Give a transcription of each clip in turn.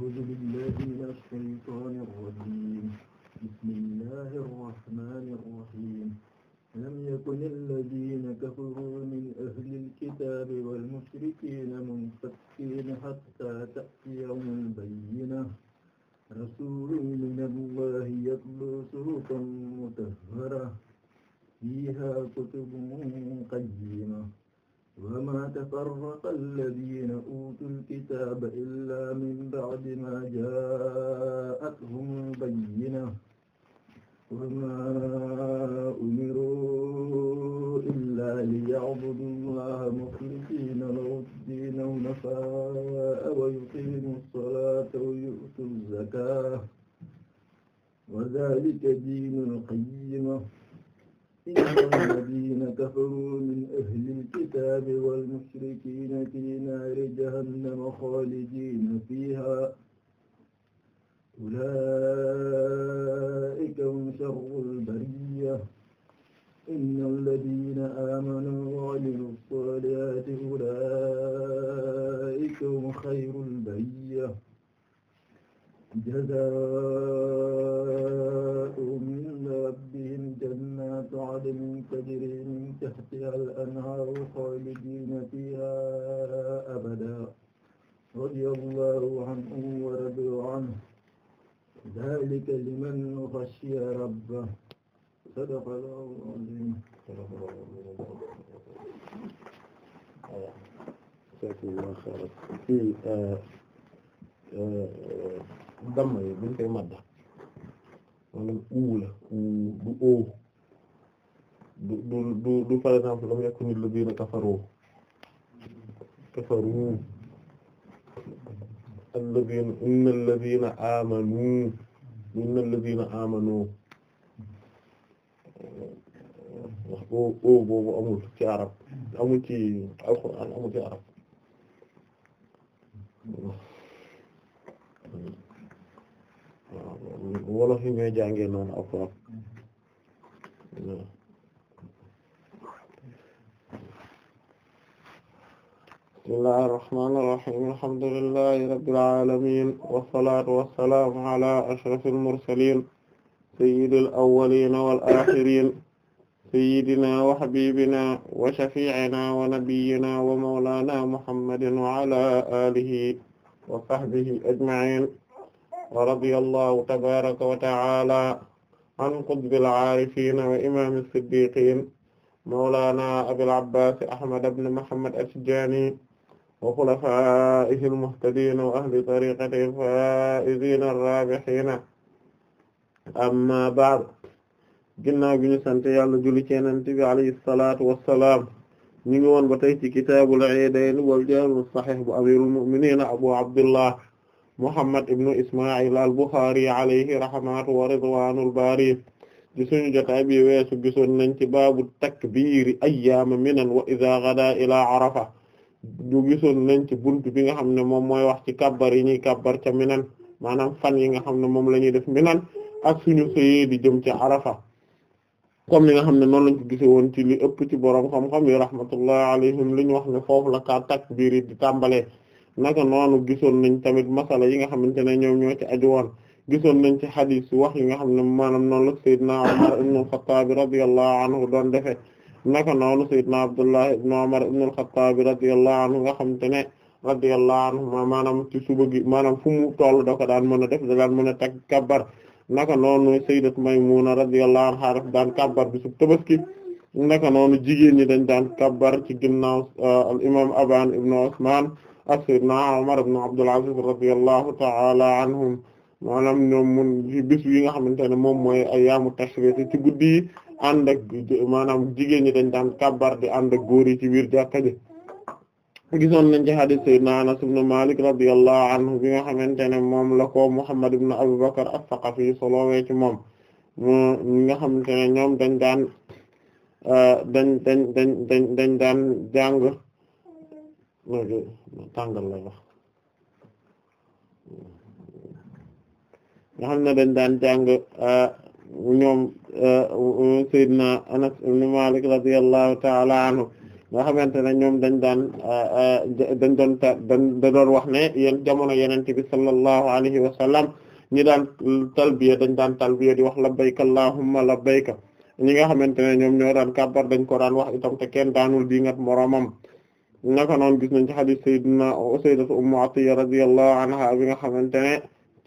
أعوذ بالله من الشيطان الرجيم بسم الله الرحمن الرحيم لم يكن الذين كفروا من أهل الكتاب والمشركين منفكين حتى تأتيهم البينة رسول من الله يتلو صحفا مطهرة فيها كتب قيمة وما تفرق الذين أوتوا الكتاب إلا من بعد ما جاءتهم البينة وما أمروا إلا ليعبدوا الله مخلصين له الدين حنفاء ويقيموا الصلاة ويؤتوا الزكاة وذلك دين القيمة inna alladina kafaru min ahli alkitabi walmushrikina fi naari jahannama xaalidina fiha ulaika hum sharru lbariya inna alladina amanu wa amilu salihati ulaika hum xayru lbariya jazaa عدن تجري من تحتها الأنهار خالدين فيها أبدا رضي الله عنهم ورضوا عنه ذلك لمن خشي ربه صدق الله العظيم jazakum allah xayran fii damm yi buñ koy madda maanaam uu la uu du oo du du du par exemple lam yakuni alladhina kafaru kafaru alladhina inna alladhina amanu inna alladhina amanu wax o o boobu amul ci arab amul ci alxuraan amul ci arab waaw wolof yi ñooy jàngee noonu ak bismillahi irrahmani irrahim alhamdulillahi rabbil alamin wassalatu wassalamu ala ashrafil mursalin sayyidil awwalin wal akhirin sayyidina wa habibina wa shafi'ina wa nabiyyina wa mawlana muhammadin wa ala alihi wa sahbihi ajma'in wa radiyallahu tabaraka wa ta'ala an qutbil aarifin wa imam as-siddiqin mawlana abil abbas ahmad ibn muhammad at-tijani wa xulafaaihi almuhtadiina wa ahli tariqatihi alfaa'iziina arraabihiina amma ba'd ginnaaw bi ñu sant yàlla julli ci Yonent bi alayhi salaatu wa salaam ñu ngi woon ba tey ci kitaabul iidayni wal jaami'u saxiix bu amiiril mu'miniina abu abdillah muhammad ibnu isma'il al buxaari alayhi rahmatu wa ridwaanul baari ci suñu jotaay bi weesu gisoon nañ ci baabu takbiiri ayyaama minan wa izaa gadaa ilaa arafa du gisoon nañ ci bunt bi nga xam ne moom mooy wax ci kabbar yi ñuy kabbar ca minan maanaam fan yi nga xam ne moom la ñuy def minan ak suñu sëyee di jëm ci arafa comme li nga xam ne noon lañ ko gise woon ci li ëpp ci borom xam-xam yi rahmatullah alayhim li ñu wax ne foofu la ka takbir yi di tàmbalee naka noonu gisoon nañ tamit masala yi nga xamante ne ñoom ñoo ci aju woon gisoon nañ ci xadiis wax yi nga xam ne maanaam noonu la Seydina Umar ibn Xattaab radiyallahu anhu doon defee naka noonu sayyidna Abdullah ibn Umar ibn al-Khattab radiyallahu anhu nga xamante ne radiyallahu anhu maanaam ci suba gi maanaam fu mu toll da ko daan mën a def da daan mën a teg kabbar naka noonu sayyidat Maymuna radiyallahu anha daf daan kabbar bisub tabaski naka noonu jigéen ñi dañ daan kabbar ci ginnaaw euh, al imam Aban ibn Usman ak sayyidna Umar ibn Abdul Aziz radiyallahu ta'ala anhum maanaam ñoom mun ci bis yi nga xamante ne moom mooy ayyaamu tashriq ci guddi ànd ak maanaam jigéen ñi dañ daan kabbar di ànd ak góor yi ci biir jàkka ji gisoon nañ ci hadith sayyidina Anas ibn Malik radiyallahu anhu bi nga xamante ne moom la ko Muhammad ibn Abubakar as-Saqafi solowee ci moom ñi nga xamante ne ñoom dañ daan euh, dañ dañ dañ dañ daan jàng tàngal lay ne dañ daan jàng euh, ñoom euh, Seydina Anas ibn Malik radiyallahu ta'ala anhu nga xamante ne ñoom dañ daan euh, dañ doon ta dañ doon wax ne yéen jamono yeneen bi sallallahu alayhi wa sallam ñi daan talbiya dañ daan talbiya di wax labbayka allahumma labbayka ñi nga xamante ne ñoom ñoo daan kàbbar dañ ko daan wax itam te kenn daanul di ngat moroomam naka noonu gis nañ ci hadith Seydina Sayyidatu Ummu Atiyya radiyallahu anha bi nga xamante ne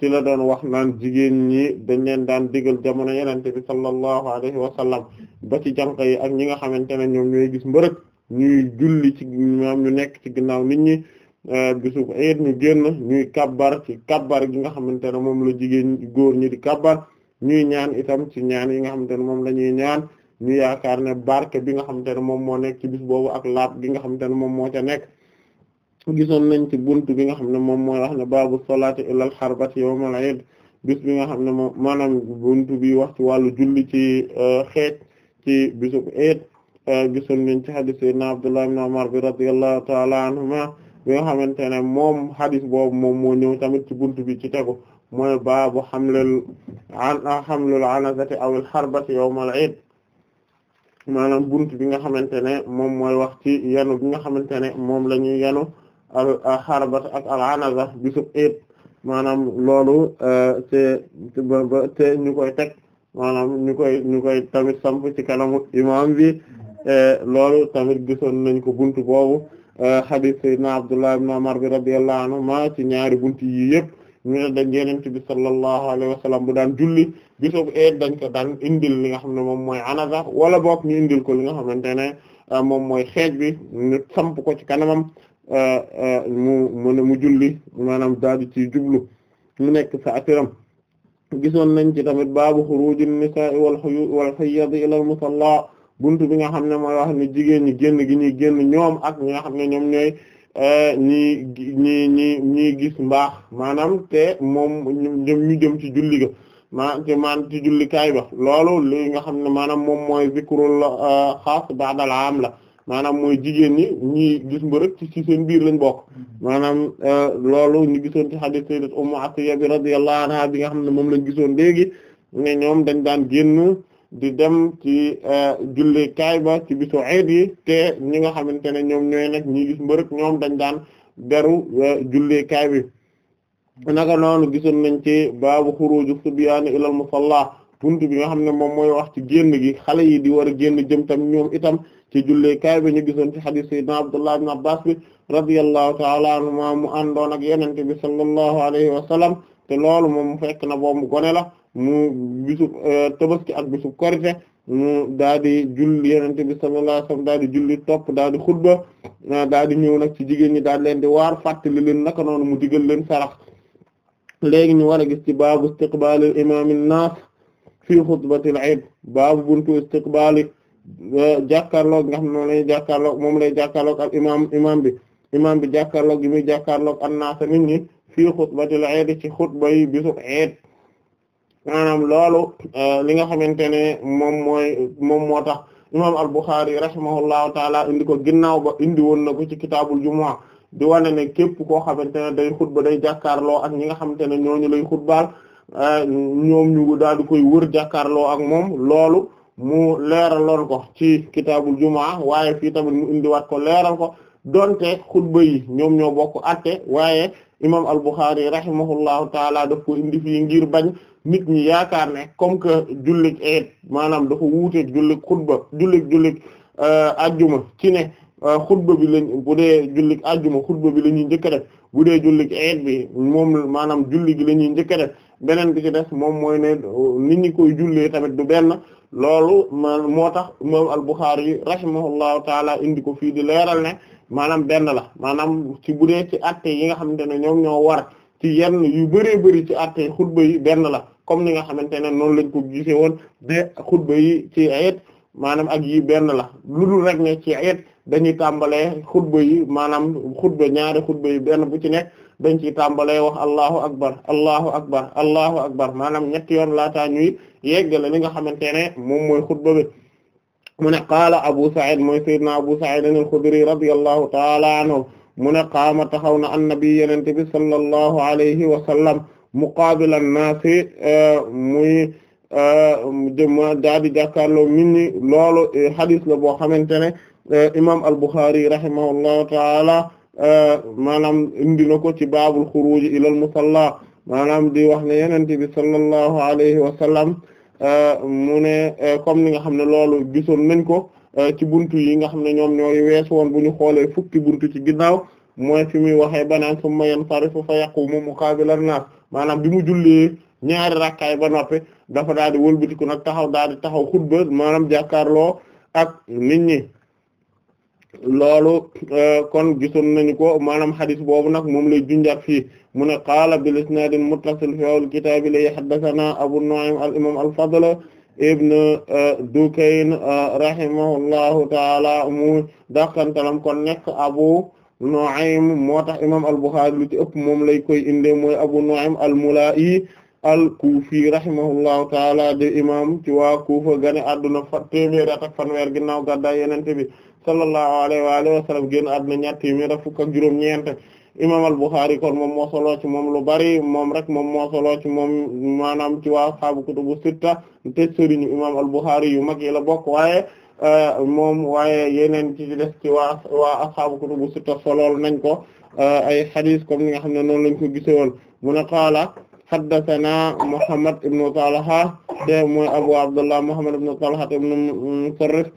ci la doon wax naan jigéen ñi dañ leen daan digal jamono yenente bi sallallahu alayhi wa sallam ba ci jànq yi ak ñi nga xamante ne ñoom ñooy gis mbërëg ñuy julli ci maam ñu nekk ci ginnaaw nit ñi euh, bisub ayit ñu génn ñuy kabbar ci kabbar gi nga xamante ne moom la jigéen góor ñi di kabbar ñuy ñaan itam ci ñaan yi nga xamante ne moom la ñuy ñaan ñu yaakaar ne barke bi nga xamante ne moom moo nekk ci bis boobu ak laab gi nga xamante ne moom moo ca nekk gisoon nañ ci bunt bi nga xam ne moom mooy wax ne baabul salaati ilal xarbati yawmal iid bis bi nga xam ne moom maanaam buntu bi wax ci wàllu julli ci euh, xeet ci bisub iid euh, gisoon ci xadis sayyidina Abdullah ibn Umar nga xamante ne moom xadis boobu moom moo ñëw tamit ci buntu bi ci tegu mooy baabu xamlel an xamlul anazati awil xarbati bi nga xamante ne moom mooy wax ci yanu bi nga xamante ne moom la ñuy yanu al xarbat ak al anaza bisub iid maanaam loolu eh, te te ñu koy teg maanaam ñu koy ñu koy tamit samp ci kanamu imam bi eh, loolu tamit gisoon nañ ko buntu boobu hadith eh, sayyidina Abdullah ibn Umar bi radiyallahu anhuma ci ñaari buntu yi yëpp ñu ne dañ yenent bi sallallahu alayhi wa sallam bu daan julli bisub eed dañ ko daan indil li nga xam ne moom mooy anaga wala boog ñu indil ko li nga xamante ne moom mooy xeej bi ñu samp ko ci kanamam mu mu mu julli maanaam daadi ci jublu mu nekk saatiram gisoon nañ ci tamit baabu xuruuju nisaa wal xuyu wal xayyad ilal musalla buntu mi nga xam ne mooy wax ne jigéen ñi génn gi ñuy génn ñoom ak ñi nga xam ne ñoom ñooy ñi ñi ñi ñi gis mbaax maanaam te moom ñu jëm ci julli ga ma te maan ci loolu li nga xam ne maanaam moom mooy zikrul xaas ba'dal aam la maanaam mooy jigéen ñi ñi gis mbërëk ci ci biir lañ bokk maanaam euh, loolu ñu gisoon ci hadith sayyidat Ummu Atiyya bi radiyallahu bi nga xam ne moom lañ gisoon léegi ne ñoom dañ daan génnu di dem ci euh, julli kaay ba ci bisu eid yi te ñi nga xamante ne ñoom ñooy nag ñi gis mbërëk ñoom dañ daan beru euh, julli kaay bi naka noonu gisoon nañ ci baabu xuruju subyaani ilal musalla buntu bi nga xam ne moom mooy wax ci génn gi xale yi di war a génn jëm tam ñoom itam ci julleekaay bi ñu gisoon ci hadith sayyidina Abdullah ibn Abbas bi radiyallahu mu àndoon ak yenente bi sallallahu alayhi wa sallam te loolu moom fekk na boobu gone la mu bisub euh, ak bisub korite mu daa di julli yenente bi sallallahu alayhi wa di julli topp daa di xutba euh, daa di ñëw nag ci jigéen ñi daa di leen di waar fàttali leen naka noonu mu digal leen sarax léegi ñu war a gis ci baabu istiqbaalil imaam an-naas fii xutbatil iid baabu buntu istiqbaali Eh, jàkkaarloog nga xam ne moom lay jàkkaarloog moom lay jàkkaarloog ak imaam imaam bi imaam bi jàkkaarloog gi muy jàkkaarloog annaasa nit ñi fii xutbatil eed ci xutba yi bisu eed loolu eh, li nga xamante ne moom mooy moom moo tax imaam al-Bukhari rahimahullahu taala indi ko ginnaaw ba indi woon na ko ci kitaabul jumaa di wane ne képp koo xamante ne day xutba day jàkkaarloo ak ñi nga xamante ne ñooñu lay xutbaal eh, ñoom ñu daal di koy wër jàkkaarloo ak moom loolu mu leeraloon ko ci kitaabul jumaa waaye fii tamit mu indiwaat ko leeral ko donte xutba yi ñoom ñoo bokk atte waaye imam al-Bukhari rahimahullahu taala daf ko indi fii ngir bañ nit ñi yaakaar ne comme que jullig eet maanaam dafa wuuteeg jullig xutba jullig jullig euh, ajjuma ci ne euh, xutba bi lañ bu dee jullig ajjuma xutba bi la ñuy njëkk a bu dee jullig eet moom maanaam julli gi la ñuy njëkk beneen bi ci des moom mooy ne nit ñi koy jullee tamit du benn loolu moo tax moom al-Bukhari rahimahullahu taala indi ko fii di leeral ne maanaam benn la maanaam ci bu dee ci atte yi nga xamante ne ñoom ñoo war ci yenn yu bëree bëri ci atte xutba yi benn la comme ni nga xamante ne noonu lañ ko gisee woon de xutba yi ci ayet maanaam ak yi benn la lu dul rek ne ci ayit dañuy tàmbalee xutba yi maanaam xutba ñaari xutba yi benn bu ci nekk dañ ciy tàmbalee wax allahu akbar allahu akbar allahu akbar maanaam ñetti yoon laataa ñuy yeggale li nga xamante ne moom mooy xutba bi mu ne qaala abu sa'id mooy sayyidna abu sa'id al-khudri radiyallahu ta'ala anhu mu ne qaama taxaw na annabi yenente bi sallallahu alayhi wa sallam muqaabilan naasi muy jëma daa di jàkkaarloo nit ñi loolu eh, hadis la boo xamante ne Eh, imam al-Bukhari rahimahullahu taala eh, maanaam indi na ko ci baabul xuruuj ilal musalla maanaam di wax ne yonent bi sallallahu alayhi wa sallam eh, mu ne comme ni nga xam ne loolu gisoon nañ ko ci buntu yi nga xam ne ñoom ñooy weeso woon bu ñu xoolee fukki buntu ci ginnaaw mooy fi muy waxee banaan summa yanfarifu fa yaqumu muqaabilan naas maanaam bi mu jullee ñaari rakkaay ba noppi dafa daal di ku nag taxaw daal di taxaw xutba maanaam jàkkaarloo ak nit ñi loolu euh, kon gisoon nañu ko maanaam xadis boobu nag moom lay junjaat fii mu ne qaala bil isnaadil muttasil fi awwal kitaab li haddathana abu nu'aym al imam al fadl ibn euh, dukayn euh, rahimahullahu taala mu dakantalam kon nekk abu nu'aym moo tax imam al buxaari lu ci ëpp moom lay koy indee mooy abu nu'aym al mulaa'i al kuufi rahimahullahu taala de imam ci waa kuufa gane adduna fa téeméer ak fanweer ginnaaw gàddaay yonent bi sallallahu alayhi wa alihi wa sallam génn àdduna ñaar téeméer ak fukk ak juróom-ñeent imam al-Bukhari kon moom moo solo ci moom lu bari moom rek moom moo solo ci moom maanaam ci waa ashaabu kutubu sitta te sëriñu imam al-Bukhari yu mag yi la bokk waaye euh, moom waaye yeneen ci des ci waa waa ashaabu kutubu sitta solool nañ ko euh, ay hadith comme ni nga xam ne noonu lañ ko gisewoon mu ne qaala haddathana Muhammad ibn Talha te mooy Abu Abdullah Muhammad ibn Talha ibn Musarrif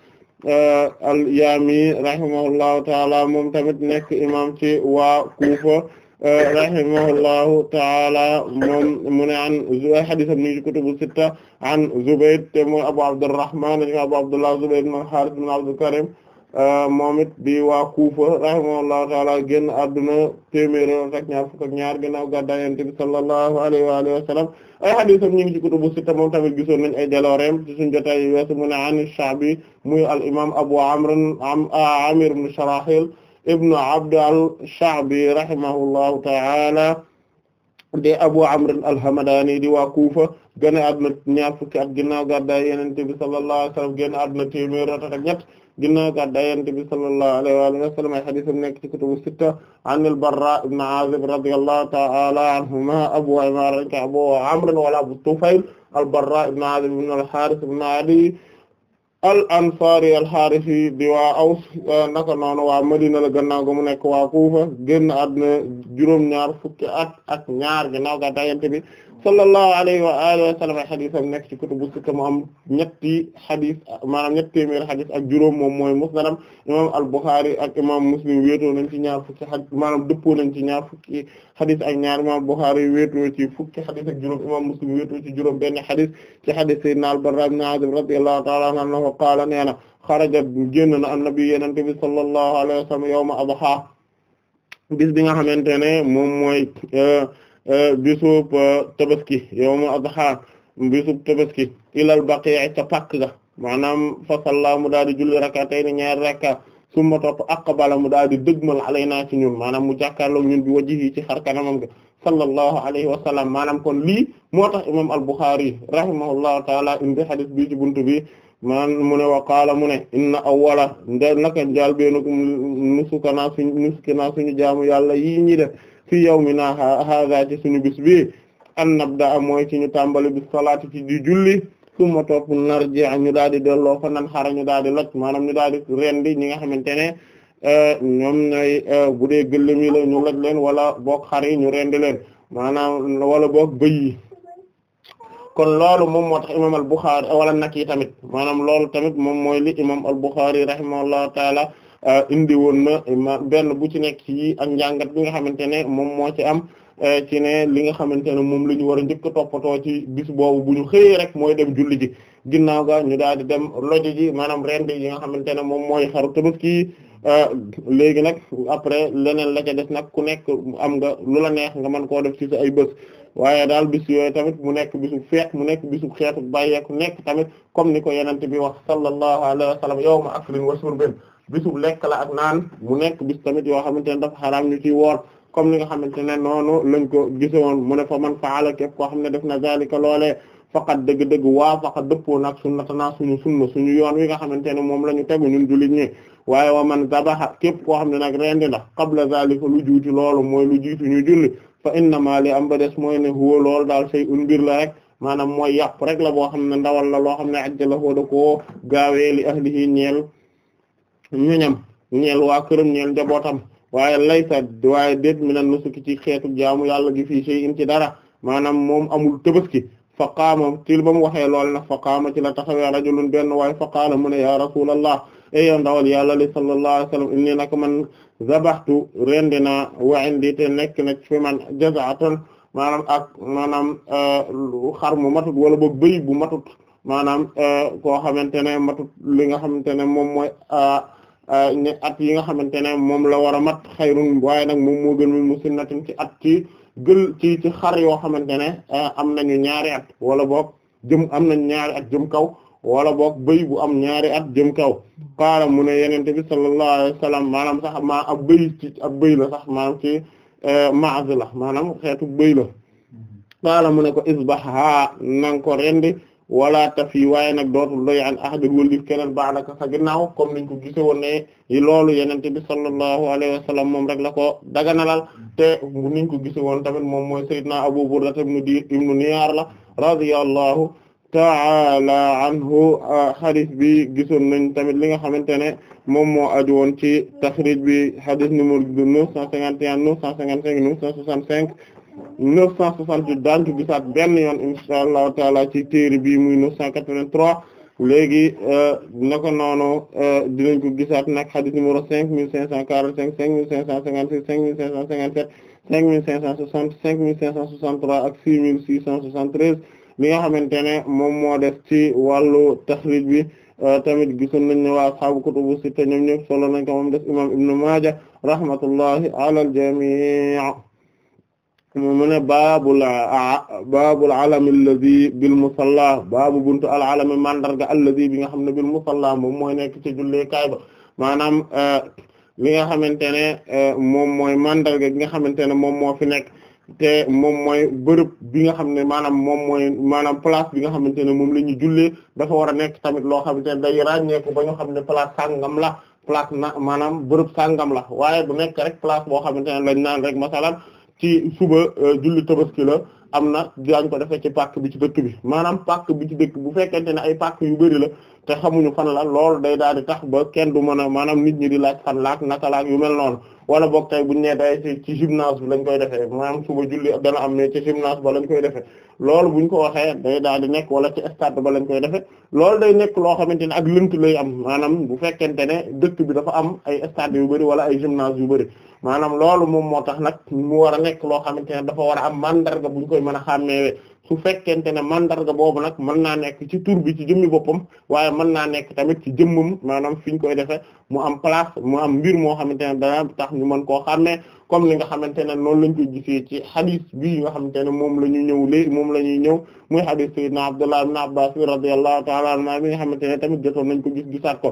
Uh, al-Yaami rahimahullahu taala moom tamit nekk imam ci waa Kufa uh, rahimahullahu taala moom mu ne an ay hadisam ni ci kutubu sitta an Zubayd te mooy Abu Abdurrahman Abu Abdullah Zubayd ibn al-Harith ibn Abdul Karim Euh, moom it di waa Kufa taala génn adduna téeméer ak ñaar fukk ñaar ginnaaw gàddaay Yonent bi alayhi wa alihi ay hadiisam ñu ngi ci kutubu sitta moom tamit gisoon nañ ay jalooreem ci suñu jotaay yu mu ne an Sha'bi muy al imam Abu Amr ah, Amir ibn Sharahil ibn Abd al-Sha'bi rahimahullahu taala de Abu Amr al-Hamadani di waa génn àdduna ñaar fukki at ginnaaw gàddaay yonent bi sallallahu alayhi wa sallam ak ñett ginnaaw gàddaay yonent bi sallallahu alayhi wa alihi wa sallam ay hadiisam nekk ci kutubu sitta an al-Barra ibn Aazib radiyallahu ta'ala anhuma Abu Umaara Abu Amr wala Abu Tufayl al-Barra ibn Aazib ibn al al-Ansaari al-Haarisi di Aws naka noonu waa Madina la gannaaw ga mu nekk waa Kuufa génn àdduna juróom ñaar fukki at ak ñaar ginnaaw gàddaay yonent sallallahu alayhi wa alihi wa sallam ay xadisam nekk ci kutubu sitta mu am ñetti xadis maanaam ñetti téeméer xadis ak juróom moom mooy musnadam imam al-Bukhari ak imam Muslim wéetoo nañ ci ñaar fukki xadis maanaam dëppoo ci ñaar fukki xadis ak ñaar imam Bukhari wéetoo ci fukki xadis ak juróom imam Muslim wéetoo ci juróom benn xadis ci xadis sayyidina al-Barra ibn Azib radiyallahu ta'ala anhu qaala nee na xaraja génn na annabi yenente bi sallallahu alayhi wa sallam yawma adha bis bi nga xamante ne moom mooy euh, Euh, bisub euh, tabaski yawmu adha bisub tabaski ilal baqi' ca pàkk ga maanaam fa salla mu daal di julli rak'atayn ñaari rakka summa topp aqbala mu daal di dëgmal alaynaa ci ñun maanaam mu jàkkaarloo ñun bi wajhi ci xar kanamam ga sallallahu alayhi wa sallam maanaam kon lii moo tax imam al-Bukhari rahimahullahu taala indi hadith bi ci buntu bi man mu ne wa mu ne inna awwala nda naka njaal beenag nusukanaa suñ nusukanaa jaamu yàlla yii ñi fi yawminaa haaza ci suñu bis bi an nabda mooy ci ñu tàmbali bis salaati ci di julli summa ji narji ñu daal di delloo fa nan xara ñu daal di loj maanaam ñu daal di ñi nga xamante ne euh, ñoom ñooy euh, bu dee la ñu loj leen wala boog xar yi ñu rendi leen maanaam wala boog bëy yi kon loolu moom moo tax imam al Bukhari wala nag yi tamit maanaam loolu tamit moom mooy li imam al Bukhari rahimahullahu taala indi woon na benn bu ci nekk ci ak njàngat bi nga xamante ne moom moo ci am e, ci ne li nga xamante ne moom la ñu war a njëkk a toppatoo ci bis boobu bu ñu xëyee rek mooy dem julli ji ginnaaw ga ñu daal di dem lojo ji maanaam rend yi nga xamante ne moom mooy xaru tabaski e, léegi nag après leneen la ca des nag ku nekk am nga lu la neex nga mën koo def ci sa ay bës waaye daal bis yooyu tamit mu nekk bisu feet mu nekk bisu xeetu bàyyeeku nekk tamit comme ni ko yenente bi wax sallallahu alayhi wa sallam yawma aklin wa shurbin bisub lekk la ak naan mu nekk bis tamit yoo xamante ne dafa xaraam ñu ci woor comme ni nga xamante ne noonu lañ ko gisoon mu ne fa man faala képp koo xam ne def na zalika loolee faqat dëgg-dëgg waa faqa dëppoo nag sunnatanaa suñu sunna suñu yoon wi nga xam ne moom la ñu tegu ñun jullit ñi waaye wa man zabaha képp koo xam ne nag rendi na qabla zalika lu juuti loolu mooy lu jiitu ñu julli fa innama li am ba des mooy ne huwa loolu daal say un mbir la rek maanaam mooy yàpp rek la boo xam ne ndawal la loo xam ne ajjalahu da koo gaawee li ahlihi ñeel ñoñam ñeel waa këram ñeel njabootam waaye laysa waaye déet mi nan nusuki ci xeetu jaamu yàlla gi fii shay'in ci dara maanaam moom amul tabaski fa qaama til ba mu waxee lool nag fa ci la taxawee rajulun benn waaye fa qaala mu ne ya rasulallah eyow ndawal yàlla li sallallahu alayhi wasallam inni nak man zabaxtu rendi naa wa indi te nekk nag fi man jazaatan maanaam ak maanaam euh, xar mu matut wala ba bëy bu matut maanaam euh, ko xamante ne matut li nga xamante ne moom mooy euh, Euh, ne at yi nga xamante ne moom la war a mat xayrun waaye nag moom moo gën min musinnatin ci at ci gël ci ci xar yoo xamante ne euh, am nañu ñaari at wala boog jëm am nañu ñaari at jëm kaw wala boog bëy bu am ñaari at jëm kaw qaala mu ne yenente bi sallallahu alayhi wa sallam maanaam sax maa ab bëy ci ab bëy la sax maanaam ci euh, maaz la maanaam xeetu bëy la mm-hmm. qaala mu ne ko isbaha nang ko rendi wala tafi waaye nag dootul doy an ahadin wëlif keneen ba'daka sa ginnaaw comme niñ ko gise woon ne loolu yenente bi sallallahu alayhi wa sallam moom rek la ko daga daganalal te niñ ko gise woon tamit moom mooy sayyidina Abu Burda ibnu di ibnu Niyaar la ta ta'ala anhu hadith bi gisoon nañ tamit li nga xamante ne moom moo aju woon ci taxrij bi hadith numéro 951 955 965 neuf cent soixante-huit daan ci gisaat benn yoon insha allahu taala ci téere bi muy neuf cent quatre-vingt-trois léegi euh, naka noonu euh, dinañ ko gisaat nag hadith numéro cinq mille cinq cent quarante-cinq cinq mille cinq cent cinquante-six cinq mille cinq cent cinquante-sept cinq mille cinq cent soixante cinq mille cinq cent soixante-trois ak six six cent soixante-treize li nga xamante ne moom moo def ci wàllu taxrij bi euh, tamit gisoon nañ ne waa ashaabu kutubu sitta ñoom ñëpp solo nañ ko moom def imam ibnu maaja rahmatullahi ala al jami' mu ne baabul baabul alami allazi bil musalla baabu buntu al alami mandarga allazi bi nga xam ne bil musalla moom mooy nekk ci julleekaay ba maanaam e, li nga xamante ne e, moom mooy mandarga gi nga xamante ne moom moo fi nekk te moom mooy bërëb bi nga xam ne maanaam moom mooy maanaam place bi nga xamante ne moom la ñu jullee dafa wara nekk tamit loo xamante ne day ràññeeku ba ñu xam ne place sàngam la place na maanaam bërëb sàngam la waaye bu nekk rek place boo xamante ne lañ naan rek masalan ci suba euh, julli tabaski la am na daañ ko defee ci pàcc bi ci dëkk bi maanaam pàcc bi ci dëkk bu fekkente ne ay pàcc yu bëri la te xamuñu fan la lool day daal di tax ba kenn du mën a maanaam nit ñi di laaj fan laaj naka laak yu mel noonu wala boog tey buñ nee day ci gymnase bi lañ koy defee maanaam suba julli dana am ne ci gymnase ba lañ koy defee loolu buñ ko waxee day daal di nekk wala ci stade ba lañ koy defee loolu day nekk loo xamante ne ak lënt lay am maanaam bu fekkente ne dëkk bi dafa am ay stades yu bari wala ay gymnase yu bëri maanaam loolu moom moo tax nag mu war a nekk loo xamante ne dafa war a am mandarga buñ koy mën a xàmmeewee su fekkente ne mandarga boobu nag mën naa nekk ci tur bi ci jëmmi boppam waaye mën naa nekk tamit ci jëmmam maanaam fi ñu koy defee mu am place mu am mbir moo xamante ne dana tax ñu mën koo xàmmee comme li nga xamante ne noonu lañ koy gisee ci xadis bi nga xamante ne moom la ñu ñëw léegi moom la ñuy ñëw muy na sayyidina Abdullah ibn Abbas radiyallahu ta'ala anhu mi nga xamante ne tamit jotoon nañ ko gis gisaat ko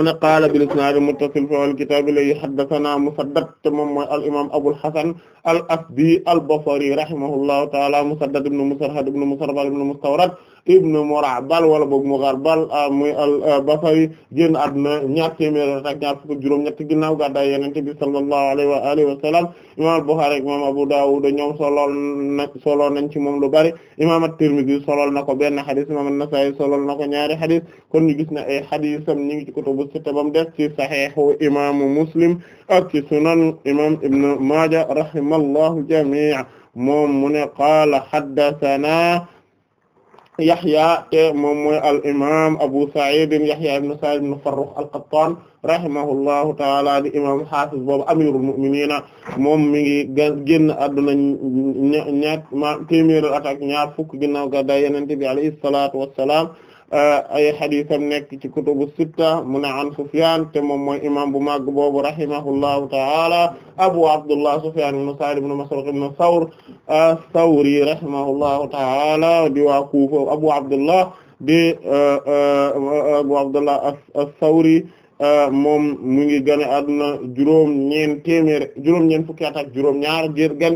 ana qaala bil isnaad muttasil fil kitaab li haddathana Musaddad te moom mooy al imaam Abul Hasan al asdi al basri rahimahullahu ta'ala Musaddad ibn Musarhad ibn Musarbal ibn Mustawrad ibnu Murabal wala boog Mugharbal ah, muy al-Basri ah, génn àdduna ñaar téeméer ak ñaar fukk juróom ñett ginnaaw gàddaay Yonent bi sallallahu alayhi wa alihi wa sallam imaam al-Bukhari ak imaam Abu Dawud ñoom solool na solool nañ ci moom lu bari imaam at-Tirmidhi na ko benn xadis imaam an-Nasa'i solool na ko ñaari xadis kon ñu gis ne ay xadisam ñu ngi ci kutubu sitta bam def ci saxiixu imaamu Muslim ak ci sunan imaam Ibn Maaja rahimallahu jamii'a moom mu ne qaala haddasanaa Yahya te moom mooy al imaam Abu Sa'id Yahya ibn Sa'id ibn Farrukh al-Qattan rahimahullahu ta'ala di imaam hafiz boobu amirul mu'minin moom mi ngi génn àdduna ña ña téeméer at ak ñaar fukk ginnaaw gàddaay Yonent bi alayhi salaatu wa salaam Euh, ay xadiisam nekk ci kutubu sitta mu ne an Sufyaan te moom mooy imaam bu màgg boobu rahimahullahu ta'ala Abu Abdullah Sufyaan ibn Sa'id ibn Masruq ibn Thawr ath-Thawri rahimahullahu ta'ala di waa Kuufa Abu Abdullah di euh, euh, Abu Abdullah ath-Thawri Euh, moom mu ngi gane àdduna juróom ñeen téeméer juróom ñeen fukki at ak juróom ñaar gan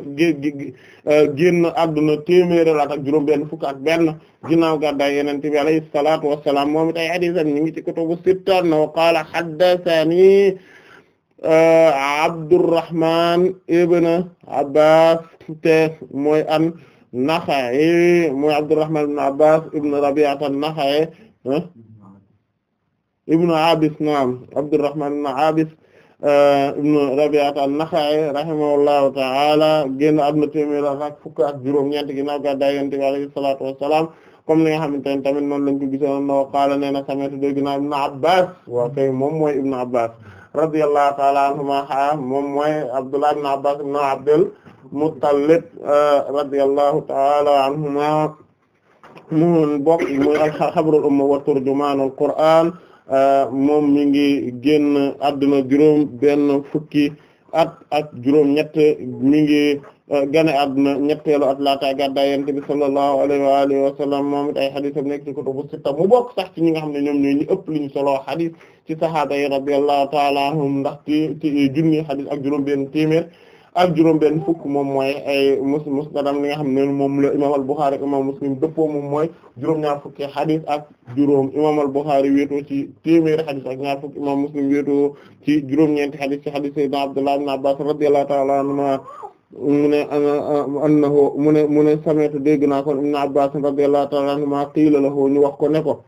euh, génn àdduna téeméer la ak juróom benn fukki ak benn ginnaaw gàddaay Yonent bi alayhi salaatu wassalaam moom tay hadiisam ñu ngi ci kutubu sitta na qaala haddathani euh, Abdurrahman ibn Abbas te mooy an Naxa'i mooy Abdurrahman ibn Abbas ibn Rabi'a an-Naxa'i ibnu Abis naam Abdurrahman ibnu Abis euh, ibnu Rabi'at an-Nakha'i rahimahullahu ta'ala génn àdduna téeméer ak fukk ak juróom-ñeent ginnaaw gàddaay Yonent bi alayhi salaatu wa salaam comme li nga xamante ne tamit noonu lañ ko gisoon no qaala nee na sami'tu dégg naa ibnu Abbas waa kay moom mooy ibnu Abbas radiyallahu ta'ala anhuma ha moom mooy Abdullah ibnu Abbas ibnu Abdul Muttalib euh, radiyallahu ta'ala anhuma mu bokk muy al-habrul umma wa turjumaanul Qur'aan Euh, moom mi ngi génn adduna juróom benn fukki at ak juróom ñett mi ngi euh, gane adduna ñetteelu at laata gàddaay Yonent bi sallallahu alayhi wa alihi wa sallam moom it ay xadisam nekk ci bu sitta mu bokk sax ci ñi nga xam ne ñoom ñooy ñu ëpp lu ñu solo xadis ci sahaaba yi radiyallahu ta'ala ndax ci ci junni xadis ak juróom benn téeméer ak juróom-benn fukk moom mooy ay mus musnadam li nga xam ne moom la imaam al-Bukhari ak imaam Muslim dëppoo moom mooy juróom-ñaar fukk xadis ak juróom imaam al-Bukhari wéetoo ci téeméeri xadis ak ñaar fukk imaam Muslim wéetoo ci juróom-ñeenti xadis ci xadis sayyidina Abdullah ibn Abbas radiyallahu ta'ala anhuma mu ne annahu mu ne mu ne naa kon ibn Abbas radiyallahu ta'ala anhuma qiila ñu wax ko ne ko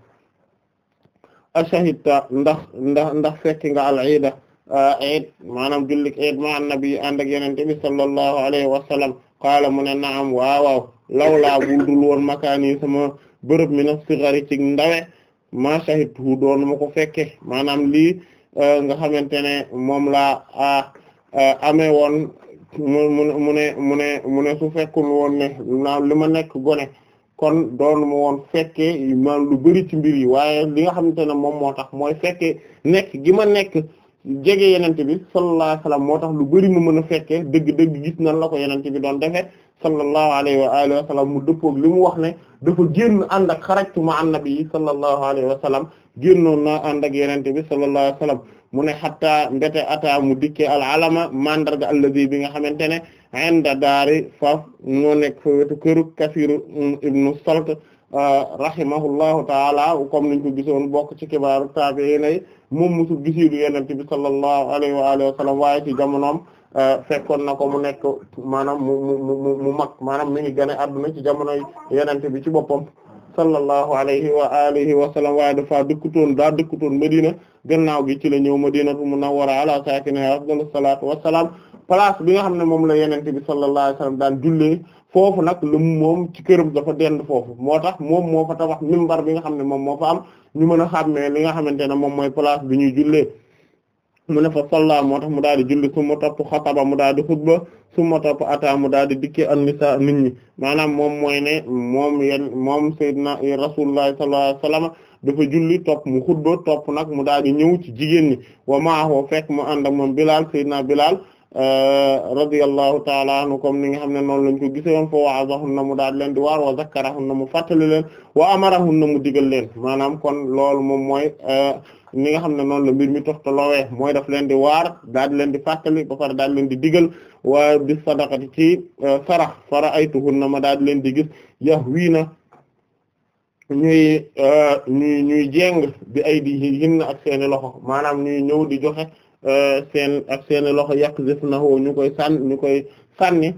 ashahidta ndax ndax ndax fekk nga al-iida eid maanaam jullik eid ma annabi ànd ak yonent bi sallallahu alayhi wa sallam qaala mu ne am waawaaw lawlaa bu dul woon makaani sama bërëb mi na sigari ci ndawe ma shahidtu doon ma ko fekke maanaam lii nga xamante ne moom laa ame woon mu ne mu ne mu ne mu ne su fekkul woon ne li ma nekk gone kon doon mu woon fekke maanaam lu bëri ci mbir yi waaye li nga xamante ne moom moo tax mooy fekke nekk gi ma nekk jege yenent bi sallallahu alayhi wa moo tax lu bari mu mën a fekke dëgg-dëgg gis nan la ko yenent bi doon defee sallallahu alayhi wa alihi wa sallam mu dëppoog li mu wax ne dafa génn ànd ak xarajtu ma annabi sallallahu alayhi wa sallam génnoon naa ànd ak yenent bi sallallahu alayhi wa sallam mu ne xataa mbete ataa mu dikkee al alama mandarga alladi bi nga xamante ne inda daari faaf moo nekk fa këru kasiru ibnu salt rahimahullahu taala comme niñ ko gisoon bokk ci kibaaru taabi'iin yi moom musul gisiidu Yonent bi sallallahu alayhi wa alihi wa sallam waaye ci jamonoom euh, fekkoon na ko mu nekk maanaam mu mu mu mag maanaam mi ngi gane adduna ci jamonoy Yonent bi ci boppam sallallahu alayhi wa alihi wa sallam waaye dafa dëkkutoon daa dëkkutoon Madina gannaaw gi ci la ñëw Madinatu Munawwara ala saakinihaa afdalu salaatu wa salaam place bi nga xam ne moom la Yonent bi sallallahu alayhi wa sallam daan jullee foofu nag lu moom ci këram dafa dend foofu moo tax moom moo fa tabax minbar bi nga xam ne moom moo fa am ñu mën a xàmmee li nga xamante ne moom mooy place bi ñuy jullee mu ne fa salla moo tax mu daal di julli su ma topp xataba mu daal di xutba su ma topp ataa mu daal di dikkee an-nisaa nit maanaam moom mooy ne moom yen moom sayyidina rasulullah sallallahu alayhi wasallam dafa julli topp mu xutba topp nag mu daal di ñëw ci jigéen ñi wa maaxoo fekk mu ànd ak moom Bilal sayyidina Bilal Euh, radiyallahu taala anhu comme ni nga xam ne noonu lañ ko gisoon fo na mu daal leen di waar wa na mu fàttali leen wa amarahunna mu digal leen maanaam kon loolu moom mooy euh, ni nga xam ne noonu la mbir mi toftalowee mooy daf leen di waar daal leen di fàttali ba pare daal leen di digal waa bis sadaqati ci euh, sarax fara aytuhunna ma daal di leen di gis yahwiina ñuy ñuy ñuy jéng bi ay di hinna ak seeni loxo maanaam ñuy ñëw di joxe Euh, seen ak seen loxo yaqzifunahu ñu koy sànni ñu koy sànni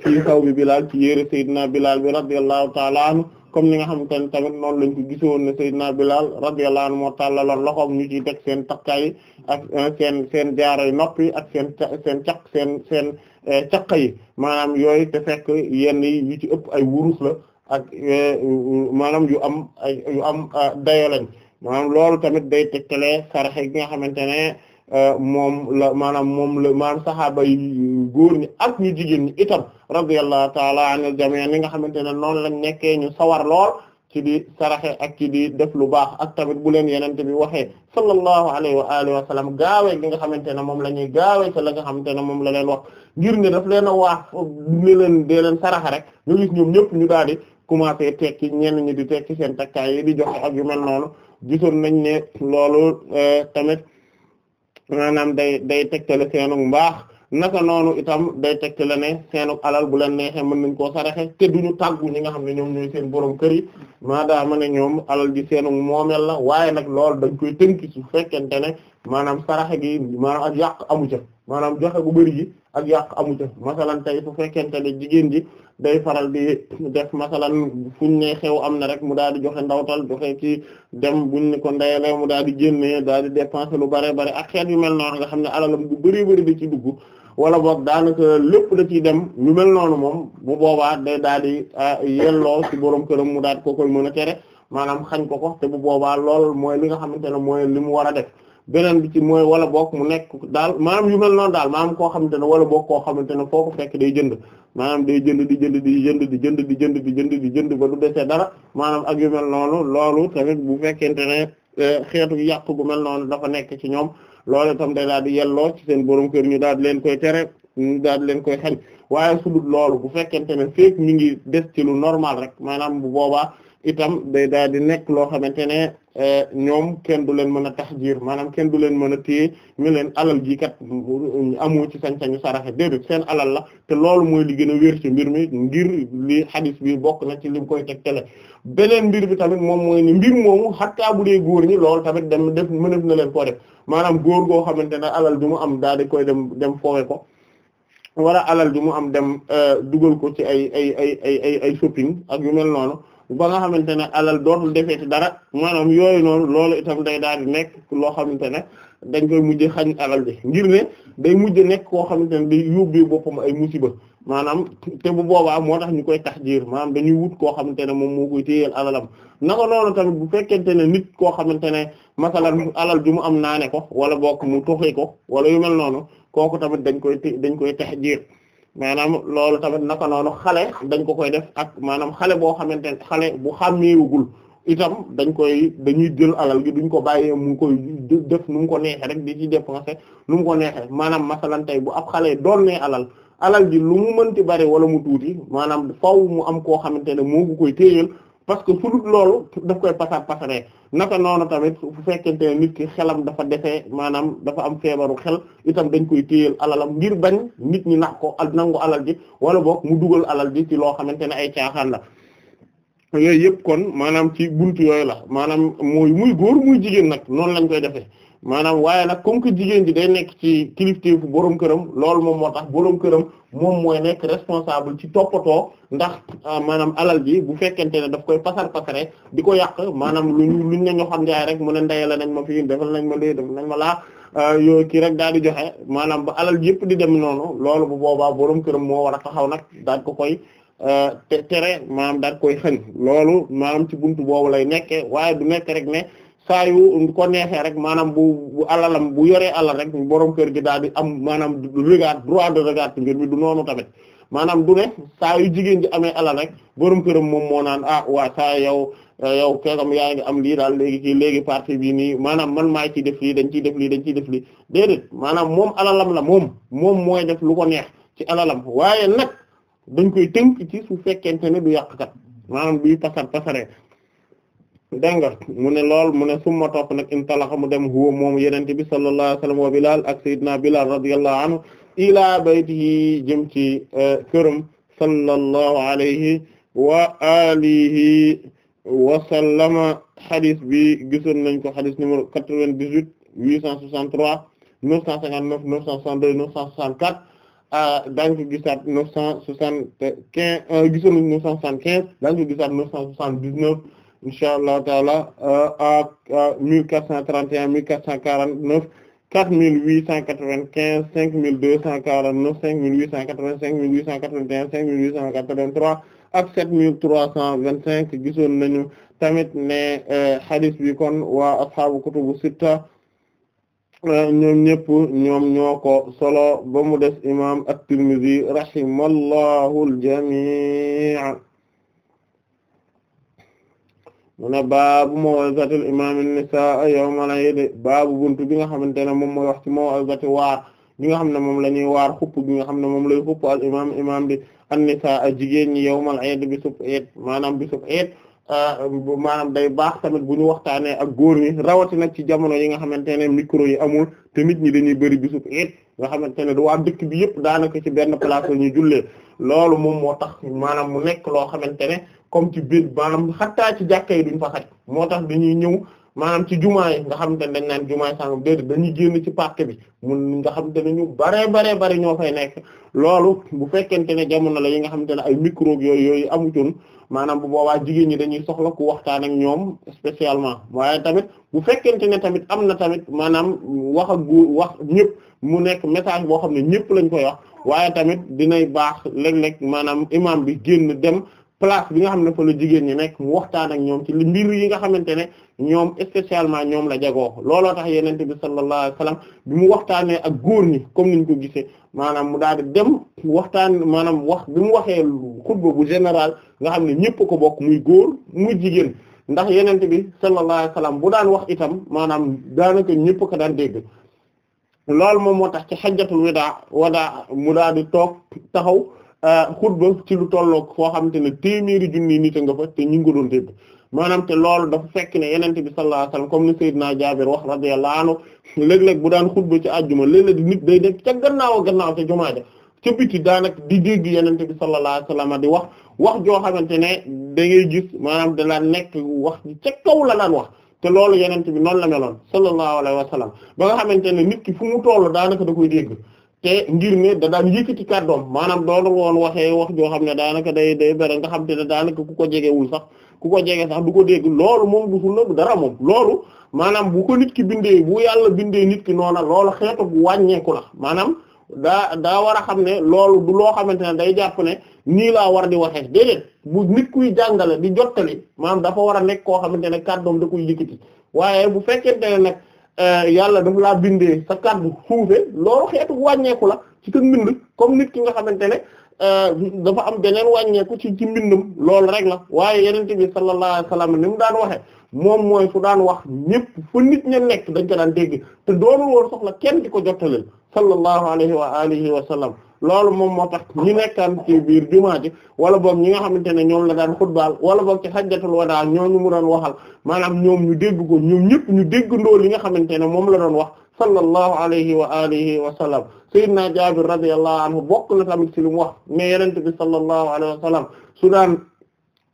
fii euh, saw bi Bilal ci yére Seydina Bilal bi radiyallahu ta'ala anhu comme ni nga xamante ne tamit noonu lañ ko gisoon ne Seydina Bilal radiyallahu anhu moo tàllaloon loxoom ñu ciy teg seen takkaay ak euh, seen seen jaaray noppi ak seen seen caq seen seen caq yi maanaam yooyu te fekk yenn yi ci ëpp ay wurus la ak maanaam yu am ay yu am dayo lañ maanaam loolu tamit day tegtalee saraxe gi nga xamante ne Euh, moom la maanaam moom la maanaam saxaaba yu góor ñi ak ñu jigéen ñi itam radiyallahu ta'ala anil a ni nga xamante ne noonu lañ nekkee ñu sawar lool ci di saraxe ak ci di def lu baax ak tamit bu leen yenente bi waxee sallallahu alayhi wa alihi wa sallam gaawee li nga xamante ne moom la ñuy gaawee sa la nga xamante ne moom la leen wax ngir ne daf leen a waax ne leen dee leen saraxe rek ñu gis ñoom ñëpp ñu daal di commencé tekki ñenn ñi di tekki seen takkaay yi di joxe ak yu mel noonu gisoon nañ ne loolu euh, maanaam day day tegtale seenu mbaax naka noonu itam day tegtale ne seenu alal bu leen neexee mën nañ koo saraxe te ñu tàggu ñi nga xam ne ñoom ñooy seen borom kër yi maadaama ne ñoom alal ji seenu moomeel la waaye nag loolu dañ koy tënki su fekkente ne maanaam saraxe gi maanaam ak yàq amu ca maanaam joxe bu bëri ji ak yàq amu ca masalan tey su fekkente ne jigéen ji day faral di def masalan fuñ ne xew am na rek mu daal di joxe ndawtal joxe ci dem buñ ne ko ndeyalee mu daal di génnee daal di dépenser lu bare bare ak yu mel noonu nga xam ne alalam bu bëri bëri da ci dugg wala boog daanaka lépp da ciy dem ñu mel noonu moom bu boobaa day daal di ah, yelloo si borom këram mu daal ko koy mën a tere maanaam xañ ko ko te bu boobaa lool mooy li nga xamante ne mooy li mu war a def beneen bi ci mooy wala bokk mu nekk daal maanaam yu mel noonu daal maanaam koo xamante ne wala bokk koo xamante ne foo ko fekk day jënd maanaam day jënd di jënd di jënd di jënd di jënd di jënd di jënd ba du desee dara maanaam ak yu mel noonu loolu tamit bu fekkente ne euh, xeetu yàq bu mel noonu dafa nekk ci ñoom loolu itam day daal di yelloo ci seen boroom kër ñu daal di leen koy tere ñu daal di leen koy xañ waaye su dul loolu bu fekkente ne fekk mi ngi des ci lu normal rek maanaam bu boobaa itam day daal di nekk loo xamante ne Eh, ñoom kenn du leen mën a jiir maanaam kenn du leen mën a téye ñu leen alal ji kat amoo ci sañ-sañu saraxe déedéet seen alal la te loolu mooy li gën ci mbir mi ngir li hadis bi bokk na ci lim koy tegtale beneen mbir bi tamit moom mooy ni mbir moomu xattaa bu dee góor ñi loolu tamit dem def mënef na leen koo def maanaam góor goo xamante ne alal du mu am daal di koy dem dem foowe ko wala alal du mu am dem eh, dugal ko ci ay ay ay ay ay ay shopping ak yu mel noonu ba nga xamante ne alal dootul defeeti dara maanaam yooyu noonu loolu itam day daal di nekk loo xamante ne dañ koy mujj xañ alal bi ngir ne day mujj nekk koo xamante ne day yóbbee boppam ay musiba maanaam te bu boobaa moo tax ñu koy tax jiir maanaam dañuy wut koo xamante ne moom moo koy téyeel alalam naka noonu tamit bu fekkente ne nit koo xamante ne masalan alal ju mu am naane ko wala bokk mu toxee ko wala yu mel noonu kooku tamit dañ koy dañ koy tax jiir maanaam loolu tamit naka noonu xale dañ ko koy def ak maanaam xale boo xamante ne xale bu xàmmeewugul itam dañ koy dañuy jël alal gi duñ ko bàyyee mu koy def nu ko neexee rek di ci dépenser nu mu ko neexee maanaam masalan tey bu ab xale doon nee alal alal ji lu mu mënti bari wala mu tuuti maanaam faaw mu am koo xamante ne mu ngi koy téyeel parce que su loolu daf koy pasar pasaree naka noonu tamit bu fekkente ne nit ki xelam dafa defee maanaam dafa am feebaru xel itam dañ koy téyeel alalam ngir bañ nit ñi nax ko al nangu alal ji wala boog mu dugal alal ji ci loo xamante ne ay caaxaan la yooyu yëpp kon maanaam ci buntu yooyu la maanaam mooy muy góor muy jigéen nag noonu lañ koy defee maanaam waaye nag comme que jigéen ji day nekk ci kilifteefu borom këram loolu moom moo tax borom këram moom mooy nekk responsable ci toppatoo ndax ah, maanaam alal ji bu fekkente ne daf koy pasar pasare di ko yàq maanaam luñ luñ la xam njaay rek mu ne ndeyale nañ ma fii defal nañ ma lii defal nañ ma laa ah, kii rek daal di joxe maanaam ba alal yëpp di dem noonu loolu bu boobaa borom këram war a taxaw nag daal ko koy ah, tere maanaam daal koy xëñ loolu maanaam ci buntu boobu lay nekkee waaye du nekk rek ne. saa yu ko neexee rek maanaam bu alalam bu yoree alal rek borom kër gi daal di am maanaam regard droit de regard ci mbir mi du noonu tamit maanaam du ne saa yu jigéen ji amee alal rek borom këram moom moo naan ah waa saa yow yow keegam yaa ngi am lii daal léegi ci léegi partie bi nii maanaam man maa ci def lii dañ ciy def lii dañ ciy def lii déedéet maanaam moom alalam la moom moom mooy def lu ko neex ci alalam waaye nag dañ koy tënk ci su fekkente ne du yàqkat maanaam duy pasar pasaree dégg nga mu ne lool mu ne summa topp nag intalaxa mu dem huwa moom yenente bi sallallahu alayhi wa sallam wa bilal ak sayyidina bilal radiyallahu anhu ila baytihi jëm ci e, këram sallallahu alayhi wa alihi wa sallama xadis bi gisoon nañ ko xadis numéro 98 863 959 962 964 daañu ko gisaat 975 euh, gisoon nañ 975 daañu ko gisaat 979 incha allah taala euh, à à mille quatre cent trente et mille quatre cent quarante neuf quatre mille huit cent quatre vingt quinze cinq mille deux cent quarante neuf cinq mille huit cent quatre vingt cinq mille huit cent quatre vingt cinq mille huit cent quatre vingt trois ak sept mille trois cent vingt cinq gisoon nañu tamit ne euh, hadith bi kon waa ashaabu kutubu sitta euh, ñoom ñëpp ñoom ñoo ko solo ba mu des imaam at-Tirmidhi rahimallahu al mu ne baabu maw'izatil imaam an-nisaa yawmal iid baabu buntu bi nga xamante ne moom mooy wax ci maw'izati waar bi nga xam ne moom la ñuy waar xupp bi nga xam ne moom lay xupp al imaam imaam bi an jigéen ñi yawmal iid bi sub iid maanaam bi sub iid ah, maanaam day baax tamit bu ñu waxtaanee ak góor ñi rawatina ci jamono yi nga xamante ne micro yi amul te nit ñi dañuy bëri bisub nga xamante ne waa dëkk bi yëpp daanaka ci benn place la ñuy jullee loolu moom moo tax maanaam mu nekk loo xamante ne comme ci biir baam xattaa ci jàkka yi duñ fa xaj moo tax dañuy ñëw maanaam ci jumaa yi nga xamante ne dañ naan jumaay sàngam déedéet dañuy génn ci parc bi mu nga xamante ne ñu baree baree bari ñoo fay nekk loolu bu fekkente ne jamono la yi nga xamante ne ay micro yooyu amu amutoon maanaam bu boobaa jigéen ñi dañuy soxla ku waxtaan ak ñoom spécialement waaye tamit bu fekkente ne tamit am na tamit maanaam wax ak gu wax ñëpp mu nekk message boo xam ne ñëpp lañ koy wax waaye tamit dinay baax léeg-léeg maanaam imam bi génn dem place bi nga xam ne fa la jigéen ñi nekk mu waxtaan ak ñoom ci mbir yi nga xamante ne ñoom spécialement ñoom la jagoo looloo tax yeneen bi sallallahu alayhi wasallam bi mu waxtaanee ak góor ñi comme niñ ko gisee maanaam mu daal di dem waxtaan maanaam wax bi mu waxee xutba bu général nga xam ne ñëpp ko bokk muy góor mu jigéen ndax yeneen bi sallallahu alayhi bu daan wax itam maanaam daanaka ñëpp ko daan dégg loolu moom moo tax ci xajjatul wada wada mu daal di toog taxaw Euh, xutba ci lu tolloog foo xamante ne téeméeri junni nit nga fa te ñu ngi ko doon dégg maanaam te loolu dafa fekk ne yonent bi sallallahu alayhi wasallam comme ni Seydina Jaabir wax radiyallahu anhu léeg-léeg bu daan xutba ci àjjuma léeg-léeg nit day def ca gannaaw gannaaw ca jumaa ja ca biti daanaka di dégg yonent bi sallallahu alayhi wasallam di wax wax joo xamante ne da ngay gis maanaam da la nekk wax ca kaw la daan wax te loolu yonent bi noonu la meloon sallallahu alayhi wasallam ba nga xamante ne nit ki fu mu tollu daanaka da koy dégg. te ngir ne da daan yëkkati kàddoom maanaam doon woon waxee wax joo xam ne daanaka day day bere nga xam te ne daanaka ku ko jegewul sax ku ko jege sax du ko dégg loolu moom du sunna du dara moom loolu maanaam bu ko nit ki bindee bu yàlla bindee nit ki noona loolu xeetu bu wàññeeku la maanaam daa daa war a xam ne loolu du loo xamante ne day jàpp ne nii la war di waxee déedéet bu nit kuy jàngale di jottali maanaam dafa war a nekk koo xamante ne kàddoom da koy yëkkati waaye Euh, yàlla daf laa bindee sa kàddu suufe loolu xeetu wàññeeku la ci sa mbind comme nit ki nga xamante ne euh, dafa am beneen wàññeeku ci ci mbindam loolu rek la waaye yenente bi sallallahu alayhi wasallam ni mu daan waxee moom mooy su daan wax ñépp fa nit ña nekk dañ ko daan dégg te doonul woon soxla kenn di ko jottaleel sallallahu alayhi wa alihi wa sallam loolu moom moo tax ñu nekkaan ci biir jumaa ji wala boog ñi nga xamante ne ñoom la daan xutbaal wala boog ci xajjatul wadaa ñooñu mu doon waxal maanaam ñoom ñu dégg ko ñoom ñëpp ñu déggandoo li nga xamante ne moom la doon wax sallallahu alayhi wa alihi wa sallam sayyidina Jaabir radiyallahu anhu bokk na ci li mu wax ne yonent bi sallallahu alayhi wa sallam su daan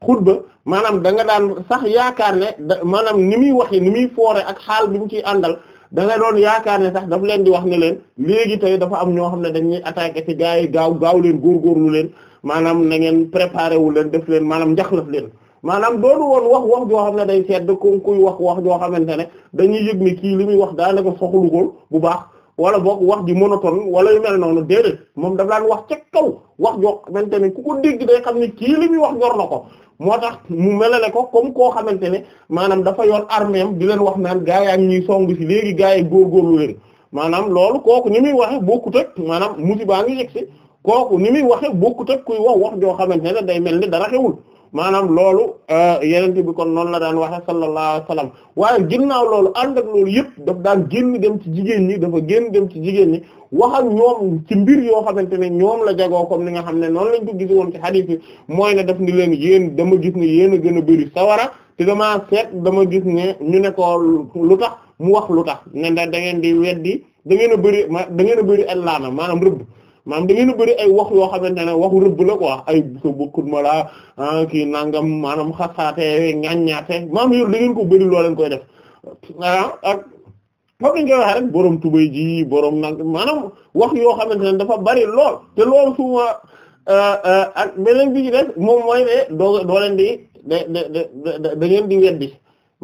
xutba maanaam da nga daan sax yaakaar ne da maanaam ni muy waxe ni muy foore ak xaal bi mu ciy àndal da nga doon yaakaar ne sax daf leen di wax ne leen léegi tey dafa am ñoo xam ne dañuy attaquer ci gaa yi gaaw gaaw leen góorgóorlu leen maanaam na ngeen préparer wu leen def leen maanaam njaxlaf leen maanaam doonu woon wax wax joo xam ne day sedd ku kuy wax wax joo xamante ne dañuy yëg ne kii li muy wax daanaka soxlu ko bu baax wala boog wax ji monotone wala yu mel noonu déedéet moom daf daan wax ca kaw wax joo xamante ne ku ko dégg xam ne kii li muy wax ñor na ko moo tax mu melale ko comme koo xamante ne maanaam dafa yoon arméem di leen wax naan gaa yaa ngi ñuy song ci léegi gaa yi góorgóorlu leen maanaam loolu kooku ni muy waxe boo ak maanaam musiba ngi yegg si kooku ni muy waxe bokkut ak kuy wax wax joo xamante ne day mel ni dara xewul maanaam loolu euh, yenente bi kon noonu la daan waxe sallallahu alayhi wa sallam waaye ginnaaw loolu ànd ak loolu yëpp daf daan génn dem ci jigéen ñi dafa génn dem ci jigéen ñi wax ak ñoom ci mbir yoo xamante ne ñoom la jagoo comme ni nga xam ne noonu la ko gis woon ci hadith yi mooy ne daf ni leen yéen dama gis ne yéen a gën a bëri sawara te damaa seet dama gis ne ñu ne ko lu tax mu wax lu tax ne da ngeen di weddi da ngeen a bëri da ngeen a bëri laana maanaam rëbb maam da ngeen a bëri ay wax yoo xamante ne waxu rëbb la quoi ay sa bokkut ma laa ah, kii nangam maanaam xasaate ñaññaate maanaam yow da ngeen ko bëri loo leen koy def ah, borom tubay ji borom nag maanaam wax yoo xamante ne dafa bëri lool te loolu suma ah, ak bi ci des moom mooy ne doo doo di da da da da ngeen di weddi.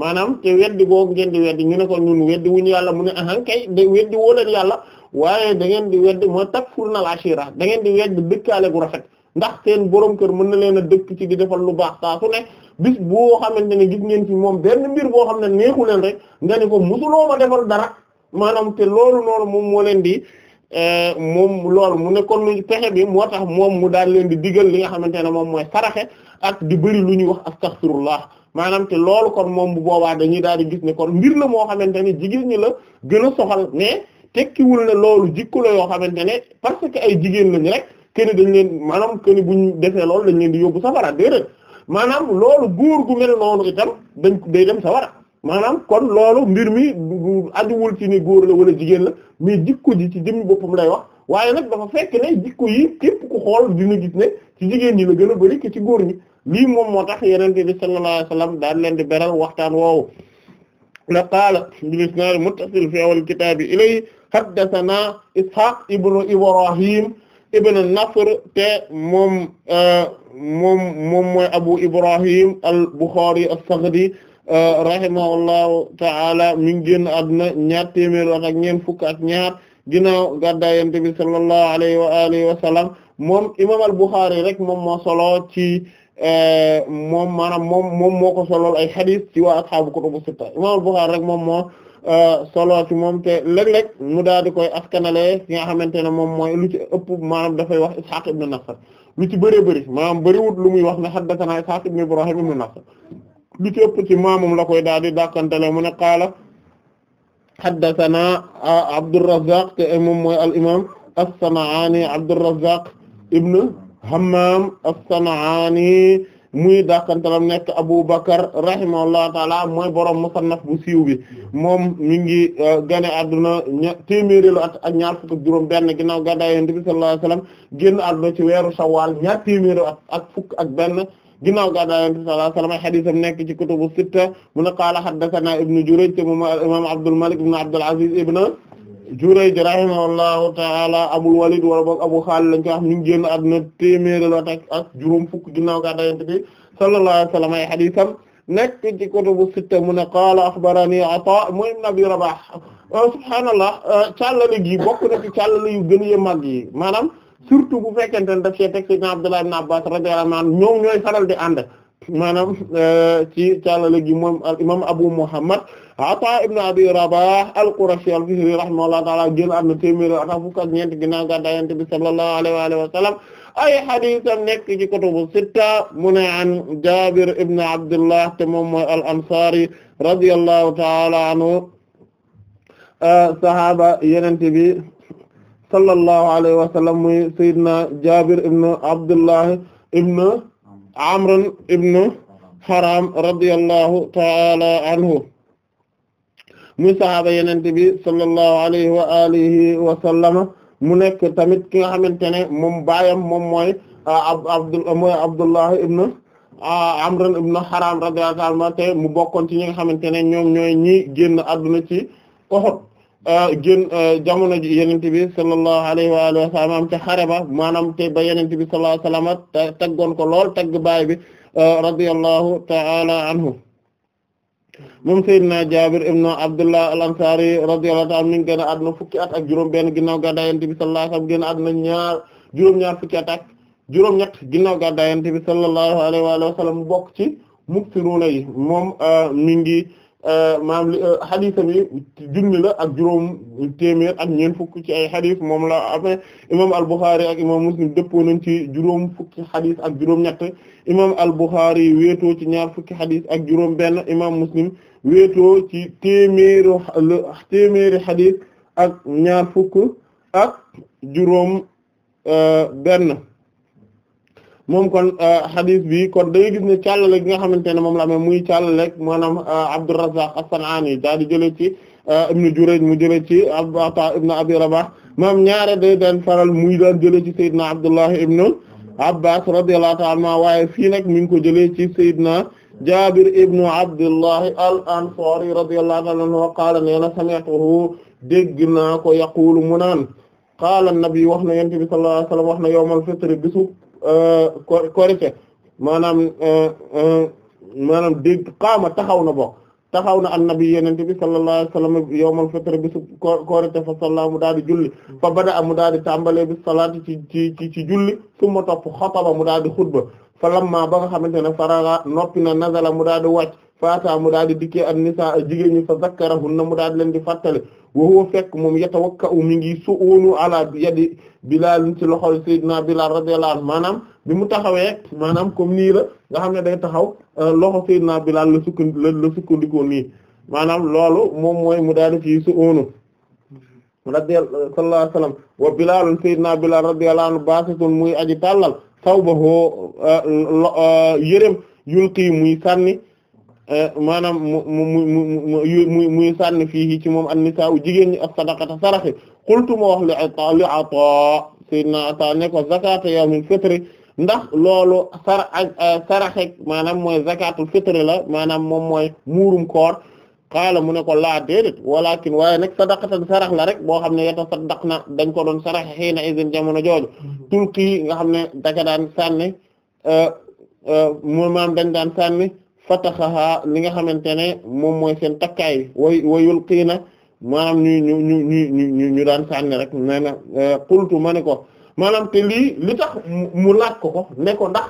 maanaam te weddi boobu ngeen di weddi ñu ne ko ñun weddi wuñu yàlla mu ne ahan kay de weddi woo leen yàlla waaye da ngeen di wedd mooy takfurna al-ashira da ngeen di wedd dëkkaale gu rafet ndax seen borom kër mën na leen a dëkk ci di defal lu baax saa su ne bis boo xamante ne gis ngeen ci moom benn mbir boo xam ne neexu leen rek nga ne ko musuloo ma defal dara maanaam te loolu noonu moom moo leen di eh, moom loolu mu nekkoon lu pexe bi moo tax moom mu daal leen di digal li nga xamante ne moom mooy saraxe ak di bëri lu ñuy wax astaghfirullah maanaam te loolu kon moom bu boobaa dañuy daal di gis ne kon mbir la moo xamante ne jigéen ñi la gën a soxal ne tekkiwul ne loolu jikko la yoo xamante ne parce que ay jigéen lañ rek keni dañ leen maanaam keni buñ defee loolu dañ leen di yóbbu safara déedéet maanaam loolu góor gu mel noonu itam dañ day dem safara maanaam kon loolu mbir mi ajuwul ci ni góor la wala jigéen la mais jikko ji ci jëmmi boppam lay wax waaye nag dafa fekk ne jikko yi képp ku xool dina gis ne ci jigéen ñi la gën a bari ci góor ñi lii moom moo tax yenente bi sallallahu alayhi wasallam daal leen di beral waxtaan woowu la qaala bilisnaari muttasil fi awal kitaabi ilayhi haddathana Ishaq ibnu Ibrahim ibnu Nasr te moom moom moom mooy Abu Ibrahim al-Bukhari as-Saghdi rahimahullahu ta'ala mi ngi génn àdduna ñaar téeméer ak ñeent fukk ak ñaar ginnaaw gàddaay Yonent bi sallallahu alayhi wa alihi moom imaam al-Bukhari rek moom moo solo ci moom maanaam moom moom moo ko solool ay hadith ci waa ashaabu kutubu sitta imaam al-Bukhari rek moom moo. Euh, solo ci moom te léeg-léeg mu daal di koy askanale ki nga xamante ne moom mooy lu ci ëpp dafay wax Ishaq ibn Nasr lu ci bëree bëri maanaam bëriwut lu muy wax ne haddathana Ishaq ibn Ibrahim ibn Nasr lu ci ëpp ci la koy daal di dàkkantale mu ne qaala haddathana Abdurrazzaq te moom mooy al imam as-San'ani Abdurrazzaq ibn Hammam as-San'ani muy dàqantalam nekk Abu Bakar rahimahullahu taala mooy borom musannaf bu siw bi moom mi ngi uh, gane adduna ña téeméeri at ak ñaar fukk ak juróom benn ginnaaw gàddaay Yonent bi sallallahu alayhi wasallam génn adduna ci weeru Shawwal ñaar ak fukk ak benn ginnaaw gàddaay Yonent bi sallallahu alayhi wasallam hadiisam nekk ci kutubu sitta mu ne qaala haddathanaa Ibnu Jurayj te moom imaam Abdul Malik ibn Abdul Aziz ibn Jurayj rahimahullahu ta'ala Abul Walid wala boog Abu Khalid lañ koy wax ñu ngi génn àdduna téeméeri la tak ak juróom fukk ginnaaw gàddaay Yonent bi sallallahu alayhi wa sallam ay hadiisam nekk ci kutubu sitta mu ne qaala axbarani Ataa mooy ibn Abi Rabaah subhaanallah euh, càllale gi bokk na ci càllale yu gën a mag yi maanaam surtout bu fekkente ne daf see teg Seydina Abdullah ibn Abbaas radiyallahu anhu ñoom ñooy faral di ànd maanaam eh, ci la gi moom al imaam Abu Muhammad Ata ibn Abi Rabah al-Qurashi al-Fihri rahimahullahu ta'ala génn àdduna téeméer ak fukk ak ñeent ginnaaw gàddaay Yonent sallallahu alayhi wa ay hadiisam nekk ci kutubu sitta mu an Jaabir ibn Abdullah te moom mooy al-Ansaari radiyallahu ta'ala anhu eh, sahaaba Yonent bi sallallahu alayhi wa sallam muy Sayyidina Jaabir Abdullah ibn Amr ibn Haram radiyallahu ta'ala anhu muy sahaaba yenente sallallahu alayhi wa alihi mu nekk tamit ki nga xamante ne moom baayam moom mooy ah, abdu mooy Abdullah ibn ah, Amr ibn Haram radiyallahu ta'ala mu bokkoon ci ñi nga xamante ne ñoom ñooy ñi génn adduna ci Uhud Euh, gën euh, jamono ji yenente bi sallallahu alayhi wa alihi wa sallam am ca xare ba maanaam te ba yenente bi sallallahu alayhi wa sallam taggoon ko lool tagg baay bi euh, radiyallahu ta'ala anhu moom Seydina Jaabir ibn Abdullah al-Ansari radiyallahu ta'ala mi ngi génn àdduna fukki at ak juróom benn ginnaaw gàddaay yenente bi sallallahu alayhi wa sallam génn àdduna ñaar juróom-ñaar fukki ginnaaw gàddaay yenente bi sallallahu alayhi wa sallam bokk ci muksiruna yi moom mi Euh, maam li euh, xadisam yi junni la ak juróom téeméer ak ñeent fukk ci ay xadis moom la amee imaam al-Bukhari ak imaam Muslim dëppoo nañ ci juróom fukki xadis ak juróom-ñett imaam al-Bukhari wéetoo ci ñaar fukki xadis ak juróom-benn imaam Muslim wéetoo ci téeméeri téeméeri ak ñaar fukk ak juróom-benn. Euh, moom kon euh, hadith bi kon dañuy gis ne càllale gi nga xamante ne moom la amee muy càllale maanaam euh, a as-San'ani daal di jëlee ci euh, Ibn Jurayj mu jëlee ci Ata ibn Abi Rabah maam ñaare day daan faral muy daan jëlee ci Seydina Abdullah ibn Abbas radiyallahu ta'ala anhuma waaye fii nag mi ngi ko jëlee ci Seydina Jabir ibn Abdullah al-Ansari radiyallahu ta'ala anhu qaala neena naa ko yaqulu mu naan qaala an wax na yonent bi sallallahu alayhi wasallam wax na yawmal korite maanaam maanaam dégg qaama taxaw na boo taxaw na annabi yonent bi sallallahu alayhi wa sallam yawmal fitr bisu korite fa salla mu daal di julli fa bada mu daal di tàmbalee bi salaati ci ci ci ci julli summa topp xataba mu daal di xutba fa lamma ba nga xamante ne faraga noppi na nazala mu daal di wàcc faata mu daal di dikkee ak nisaa jigéen ñi fa zakkarahunna mu daal di leen di fàttali wa huwa fekk moom yatawakka'u mi ngi su'unu ala yadi Bilaal ci loxol Seydina Bilaal radiyallahu anhu maanaam bi mu taxawee maanaam comme nii la nga xam ne day taxaw euh, loxo Seydina Bilaal la sukkand la sukkandikoo nii maanaam loolu moom mooy mu daal di ci su'unu radiyallahu sallallahu alayhi wasallam wa Bilaal Seydina Bilaal radiyallahu anhu baasitun muy aji tàllal sawbahu euh, euh, yërëm yulqi muy sànni Eh, maanaam mu mu mu muy sànni fii ci moom an-nisaa u jigéen ñi as-sadaqata saraxe qultu ma wax li ata li ata sayyidina ata ne ko zakata yawmil fitri ndax loolu sar eh, saraxe maanaam mooy zakatul fitri la maanaam moom mooy muurum koor xaala mu ne ko laa déedéet walakin waaye nag sadaqatan sarax la rek boo xam ne yeta saddaq na dañ ko doon saraxe xëy na izin jamono jooju mm-hmm. tulki nga xam ne daka daan sànni eh, mu maam dañ daan sànni fataxaha li nga xamante ne moom mooy seen takkaay way wayul xii na maanaam ñu ñu ñu ñu ñu ñu daan sànni rek nee na euh, qultu ma ne ko maanaam te lii li tax mu laaj ko ko ne ko ndax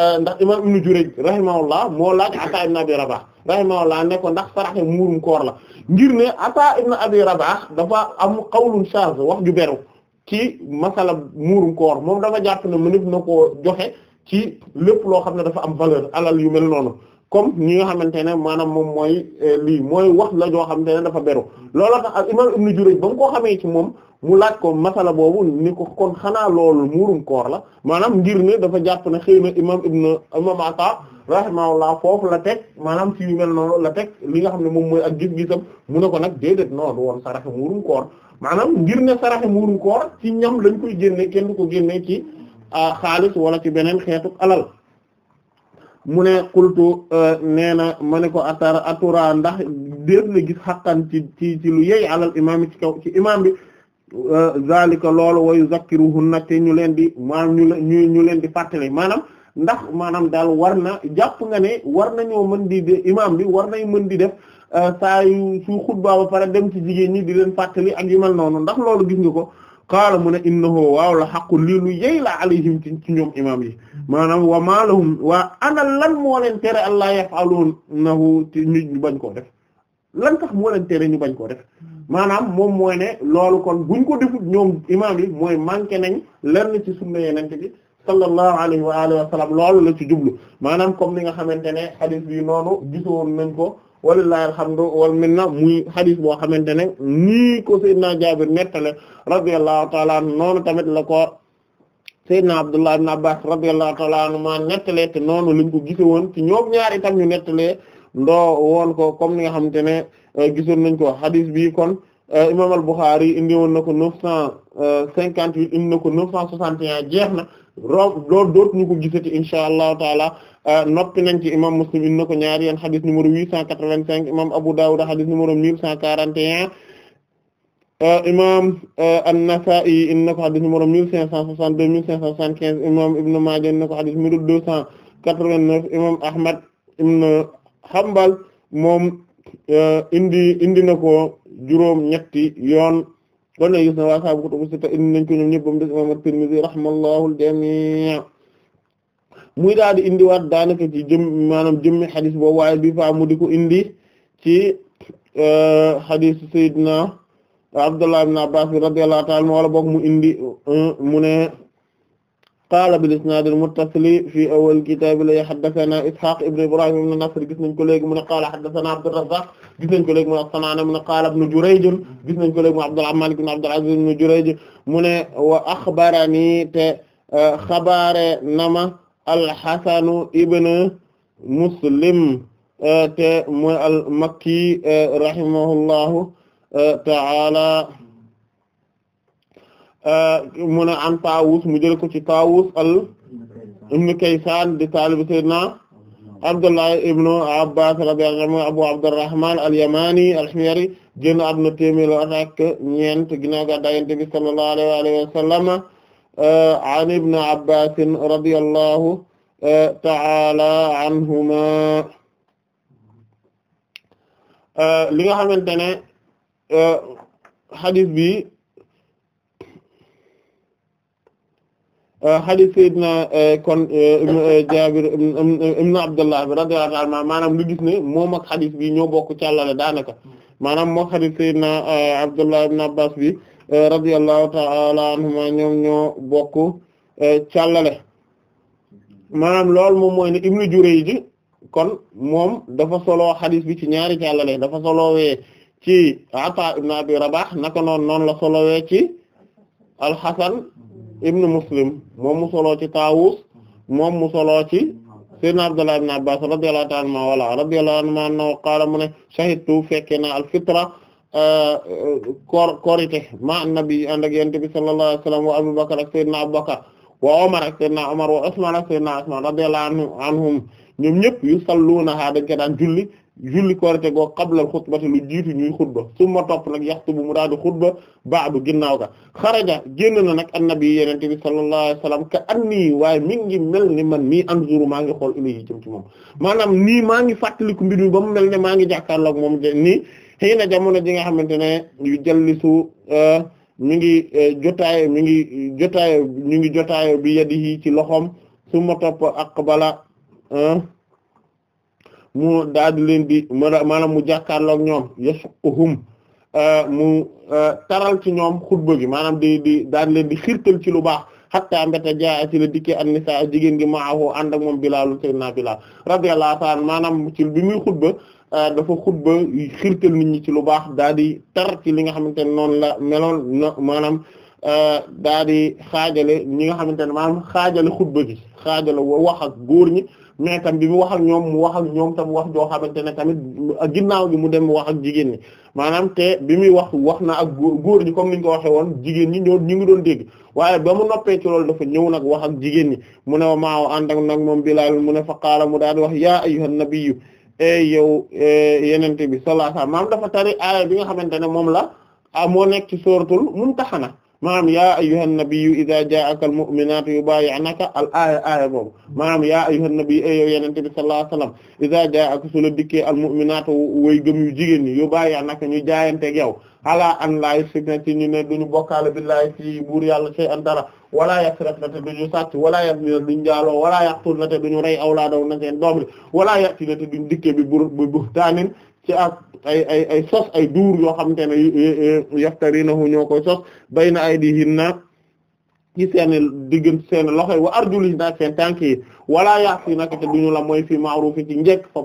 euh, ndax imam ibnu Jurayj rahimahullah moo laaj Ataa na Abi Rabah rahimahullah ne ko ndax saraxe muurum koor la ngir ne Ataa ibn Abi Rabah dafa am qawlun shadh wax ju beru ci masala muurum koor moom dafa jàpp ne mënef na ko joxe ci lépp loo xam ne dafa am valeur alal yu mel noonu comme ñi nga xamante ne maanaam moom mooy euh, lii mooy wax la joo xamante ne dafa beru loola tax al imam Ibn Jurayj ba ko xamee ci moom mu laaj ko masala boobu ni ko kon xanaa loolu muurum koor la maanaam ngir ne dafa jàpp ne xëy na imam Ibn imam Ata rahimahullah foofu la teg maanaam ci yu mel noonu la teg li nga xam ne moom mooy ak gis-gisam mu ne ko nag déedéet non du woon saraxe muurum koor maanaam ngir ne saraxe muurum koor ci ñam lañ koy génne kenn du ko génne ci ah, xaalis wala ci beneen xeetu alal mu ne qultu euh, nee na ma ne ko atar atura ndax déet na gis xaqan ci ci ci lu yey alal imaam ci kaw ci imaam bi euh, zalika loolu wa yuzakkiruhunna te ñu leen di maanaam ñu ñu leen di fàttali maanaam ndax maanaam daal war na jàpp nga ne war nañoo mën di de imaam bi war nañ mën di def euh, saa yu su xutba ba pare dem ci jigéen ñi di leen fàttali ak yu mel noonu ndax loolu gis nga ko kaala mu ne innahu waaw la xaqu lii lu yey la alayhim ci ñoom imaam yi maanaam wa maalahum waa ana lan moo leen tere allah yaf'alunahu ci ñu bañ koo def lan tax moo tere ñu bañ koo def maanaam moom mooy ne loolu kon buñ ko defut ñoom imaam yi mooy manqué nañ lenn ci sunna yeneen bi sallallahu alayhi wa alihi wa sallam loolu la ci jublu maanaam comme ni nga xamante ne xadis bi noonu gisoon nañ ko walillahi alhamdu wal minna muy xadis boo xamante ne nii ko sayyidina Jaabir nettale radiyallahu ta'ala noonu tamit la ko Seydina Abdullah ibn Abbas radiyallahu ta'ala anhuma nettalee te noonu lañ ko gise woon ci ñoom ñaari tam ñu nettalee ndoo woon ko comme ni nga xamante ne euh, gisoon nañ ko hadith bi kon euh, imam al-Bukhari indi woon na ko neuf cent euh, cinquante-huit indi na ko neuf cent et un jeex na rob ñu dootuñu ko gisati insha allahu taala noppi nañ ci imam Muslim indi na ko ñaari yoon hadith numéro huit cent quatre-vingt-cinq imam Abu Dawud hadith numéro mille cent quarante et un Euh, imam euh, an-Nasa'i in na ko xadis numéro mille cinq cent soixante-deux mille cinq cent soixante-quinze imam Ibn Maaja in na ko xadis numéro deux ibn Hanbal moom euh, indi indi na ko juróom ñetti yoon kon ne gis na waa saabu kutubu sitta indi nañ ko ñoom ñëpp bam des imam at-Tirmidhi rahimallahu al muy daal di indi waat daanaka ci jëm maanaam jëmmi xadis boobu waaye bi fa mu di ko indi ci xadis Seydina Abdullah ibn Abbas bi radiyallahu ta'ala wala boog mu indi uh, mu ne qaala bil isnaad al muttasili fi awwal kitaab la haddathana Ishaq ibn Ibrahim ibn Nasr gis nañ ko léegi mu ne qaala haddathana Abdurrazzaq gis nañ ko léegi mu ne as-San'aani mu ne qaala ibn Jurayj gis nañ ko léegi mu Abdullah Malik ibn Abdul Aziz ibn Jurayj mu ne wa axbarani te uh, xabaare nama al-Hasan ibn Muslim uh, te mu al-Makki rahimahullahu Euh, ta'ala euh, mu ne an Taawus mu jël ko ci Taawus al ibn Kaysaan di taalibu Seydina Abdullah ibn Abbas radiyallahu anhu Abu Abdurrahman al-Yamani al-Himyari génn àdduna téeméer ak ñeent ginnaaw gàddaay Yonent bi sallallahu alayhi wa sallam euh, an ibn Abbas radiyallahu ta'ala anhuma li nga xamante ne xadis euh, bi xadis euh, sayyidina euh, kon Jaabir na Abdullah bi radiyallahu anhu maanaam lu gis ne moom ak xadis bi ñoo bokk càllale daanaka maanaam moo xadis sayyidina Abdullah ibn Abbas bi radiyallahu ta'ala anhuma ñoom ñoo bokk càllale maanaam lool moom mooy ne Ibnu Jurayj ji kon moom dafa solo xadis bi ci ñaari càllale dafa solowee ci Ata ibn Abi Rabah naka noonu noonu la solowee ci al-Hasan ibn Muslim moom mu soloo ci Tawus moom mu soloo ci Sayyidina Abdullah ibn Abbas radiyallahu ta'ala anhu wala radiyallahu anhu qaala mu ne shahidtu fekke na al-fitra uh, koor korite ma annabi ànd ak Yonent bi sallallahu alayhi wa sallam wa Abu Bakr ak Sayyidina Abu wa Umar ak wa Usman ak Sayyidina Usman radiyallahu anhum ñoom ñëpp yu salluunahaa dañ ko daan julli julli korite goo qablal xutbati lu jiitu ñuy xutba summa topp nag yaxtubu mu daal di xutba baadu ginnaw ga xaraja génn na nag annabi yenente bi sallallahu alayhi wasallam ka annii waaye mi ngi mel ni man nii anzuru maa ngi xool ilayhi jëm ci moom maanaam nii maa ngi fàttaliku mbir mi ba mu mel ne maa ngi jàkkaarloog moom nii xëy na jamono ji nga xamante ne yu jallisu euh, mi ngi euh, jotaayo mi ngi jotaayo mi ngi jotaayo bi yadihi ci loxoom summa topp aqbala euh, mu daal di leen di maanaam mu jàkkaarloog ñoom yasuhum euh, mu euh, taral ci ñoom xutba gi maanaam di di daal di leen di xirtal ci lu baax hatta mbéta jaa ci la dikkee an nisaa jigéen gi maahu ànd ak moom Bilaal sayyidina Bilaal radiyallahu ta'ala maanaam ci bi muy xutba euh, dafa xutba xirtal nit ñi ci lu baax daal di tar ci li nga xamante ne noonu la meloon na maanaam daal di xaajale ñi nga xamante ne maanaam xaajale xutba gi xaajale wax ak góor ñi mais tam bi mu wax ak ñoom mu wax ak ñoom tam wax joo xamante ne tamit ginnaaw gi mu dem wax ak jigéen ñi maanaam te bi muy wax wax na ak góor ñi comme ni ñu ko waxee woon jigéen ñi ñoo ñu ngi doon dégg waaye ba mu noppee ci loolu dafa ñëw nag wax ak jigéen ñi mu ne maaw ànd ak nag moom Bilaal mu ne fa qaala mu daal di wax yaa ayyuhan nabiyyu ey yow eh, yenente bi sallallahu alayhi wasallam maam dafa tari aaya bi nga xamante ne moom la a ah, moo nekk ci sóoratul Mumtahana maanaam ya ayyuhan nabiyyu idha jaa'aka al-mu'minatu yubayyi'naka al aaya aaya boobu maanaam yaa ayyuhan nabiyyu yow yenente bi sallallahu alayhi wasallam idha jaa'aka su la dikkee al-mu'minatu way gëm yu jigéen ñi yubayyi'naka ñu jaayanteeg yow ala an la yushrikna ci ñu ne duñu bokkaale billahi ci buur yàlla shay'an dara wala na te duñu sàcc wala yazina duñu jaaloo wala yaqtulna te duñu rey awlaadaw na seen doom li wala yatina te duñu dikkee bi bur bi buhtaanin ci ak ay ay ay sos ay duur yoo xamante ne yaftarinahu ñoo koy sos bayna aydihinna ci seen diggante seen loxo yi wa arjulihinna ak seen tànk yi wala ya'sinaka te duñu la mooy fi ma'ruf ci njëkk fa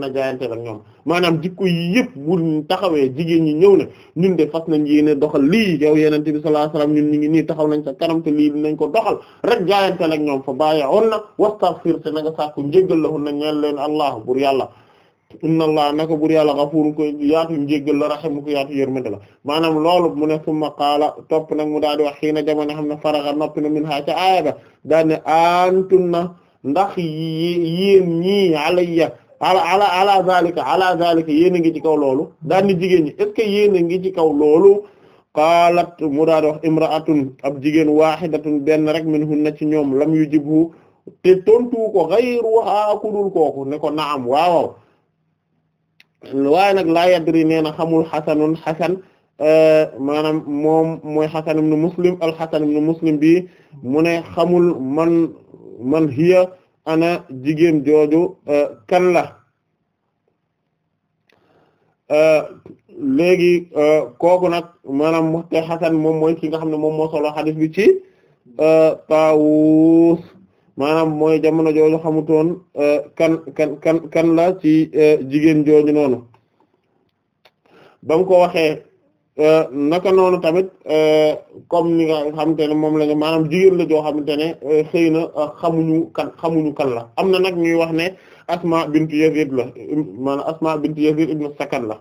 na jaayante ak ñoom maanaam jikko yi yëpp bu taxawee jigéen ñi ñëw na ñun de fas nañ yéene doxal lii yow Yonent bi sallallahu alayhi wasallam ñun ñu ngi nii taxaw nañ sa kanam te lii dinañ ko doxal rek jaayante ak ñoom fa bàyyi'uhunna wastaghfir te na nga sàkku njéggal lahunna ñeel leen Allah bur yàlla inna allah naka bur yàlla xafuuru ko yaatu njéggal la raximu ko yaatu yërmande la maanaam loolu mu ne summa qaala topp nag mu daal di wax xii na jamono xam ne faraxa noppi na min ha ca aaya ba daal ne na ndax yéen ñii alayya ala ala ala zalika ala zalika yéen a ngi ci kaw loolu daal ni jigéen ñi est yéen a ngi ci kaw loolu qaalat mu daal di wax imra'atun ab jigéen wahidatun benn rek min hunna ci ñoom lam yu jibhu te tontu ko xayruha kudul kooku ne ko naam waaw waaye nag laa yadri nee na xamul xasanun xasan euh, maanaam moom mooy xasan ibn muslim alxasan ibn muslim bi mu ne xamul man man hiya ana jigéen jooju euh, kan la euh, léegi kooku nag maanaam moxte xasan moom mooy ki nga xam ne moom moo solo xadis bi ci Taawus maanaam mooy jamono jooju xamutoon euh, kan kan kan kan la ci euh, jigéen jooju noonu ba mu ko waxee euh, naka noonu tamit kom ni nga xamante ne moom lañu maanaam jigéen la joo xamante ne xëy na xamuñu kan xamuñu kan la am na nag ñuy wax ne Asma bintu Yazid la maanaam Asma bintu Yazid ibn Sakan la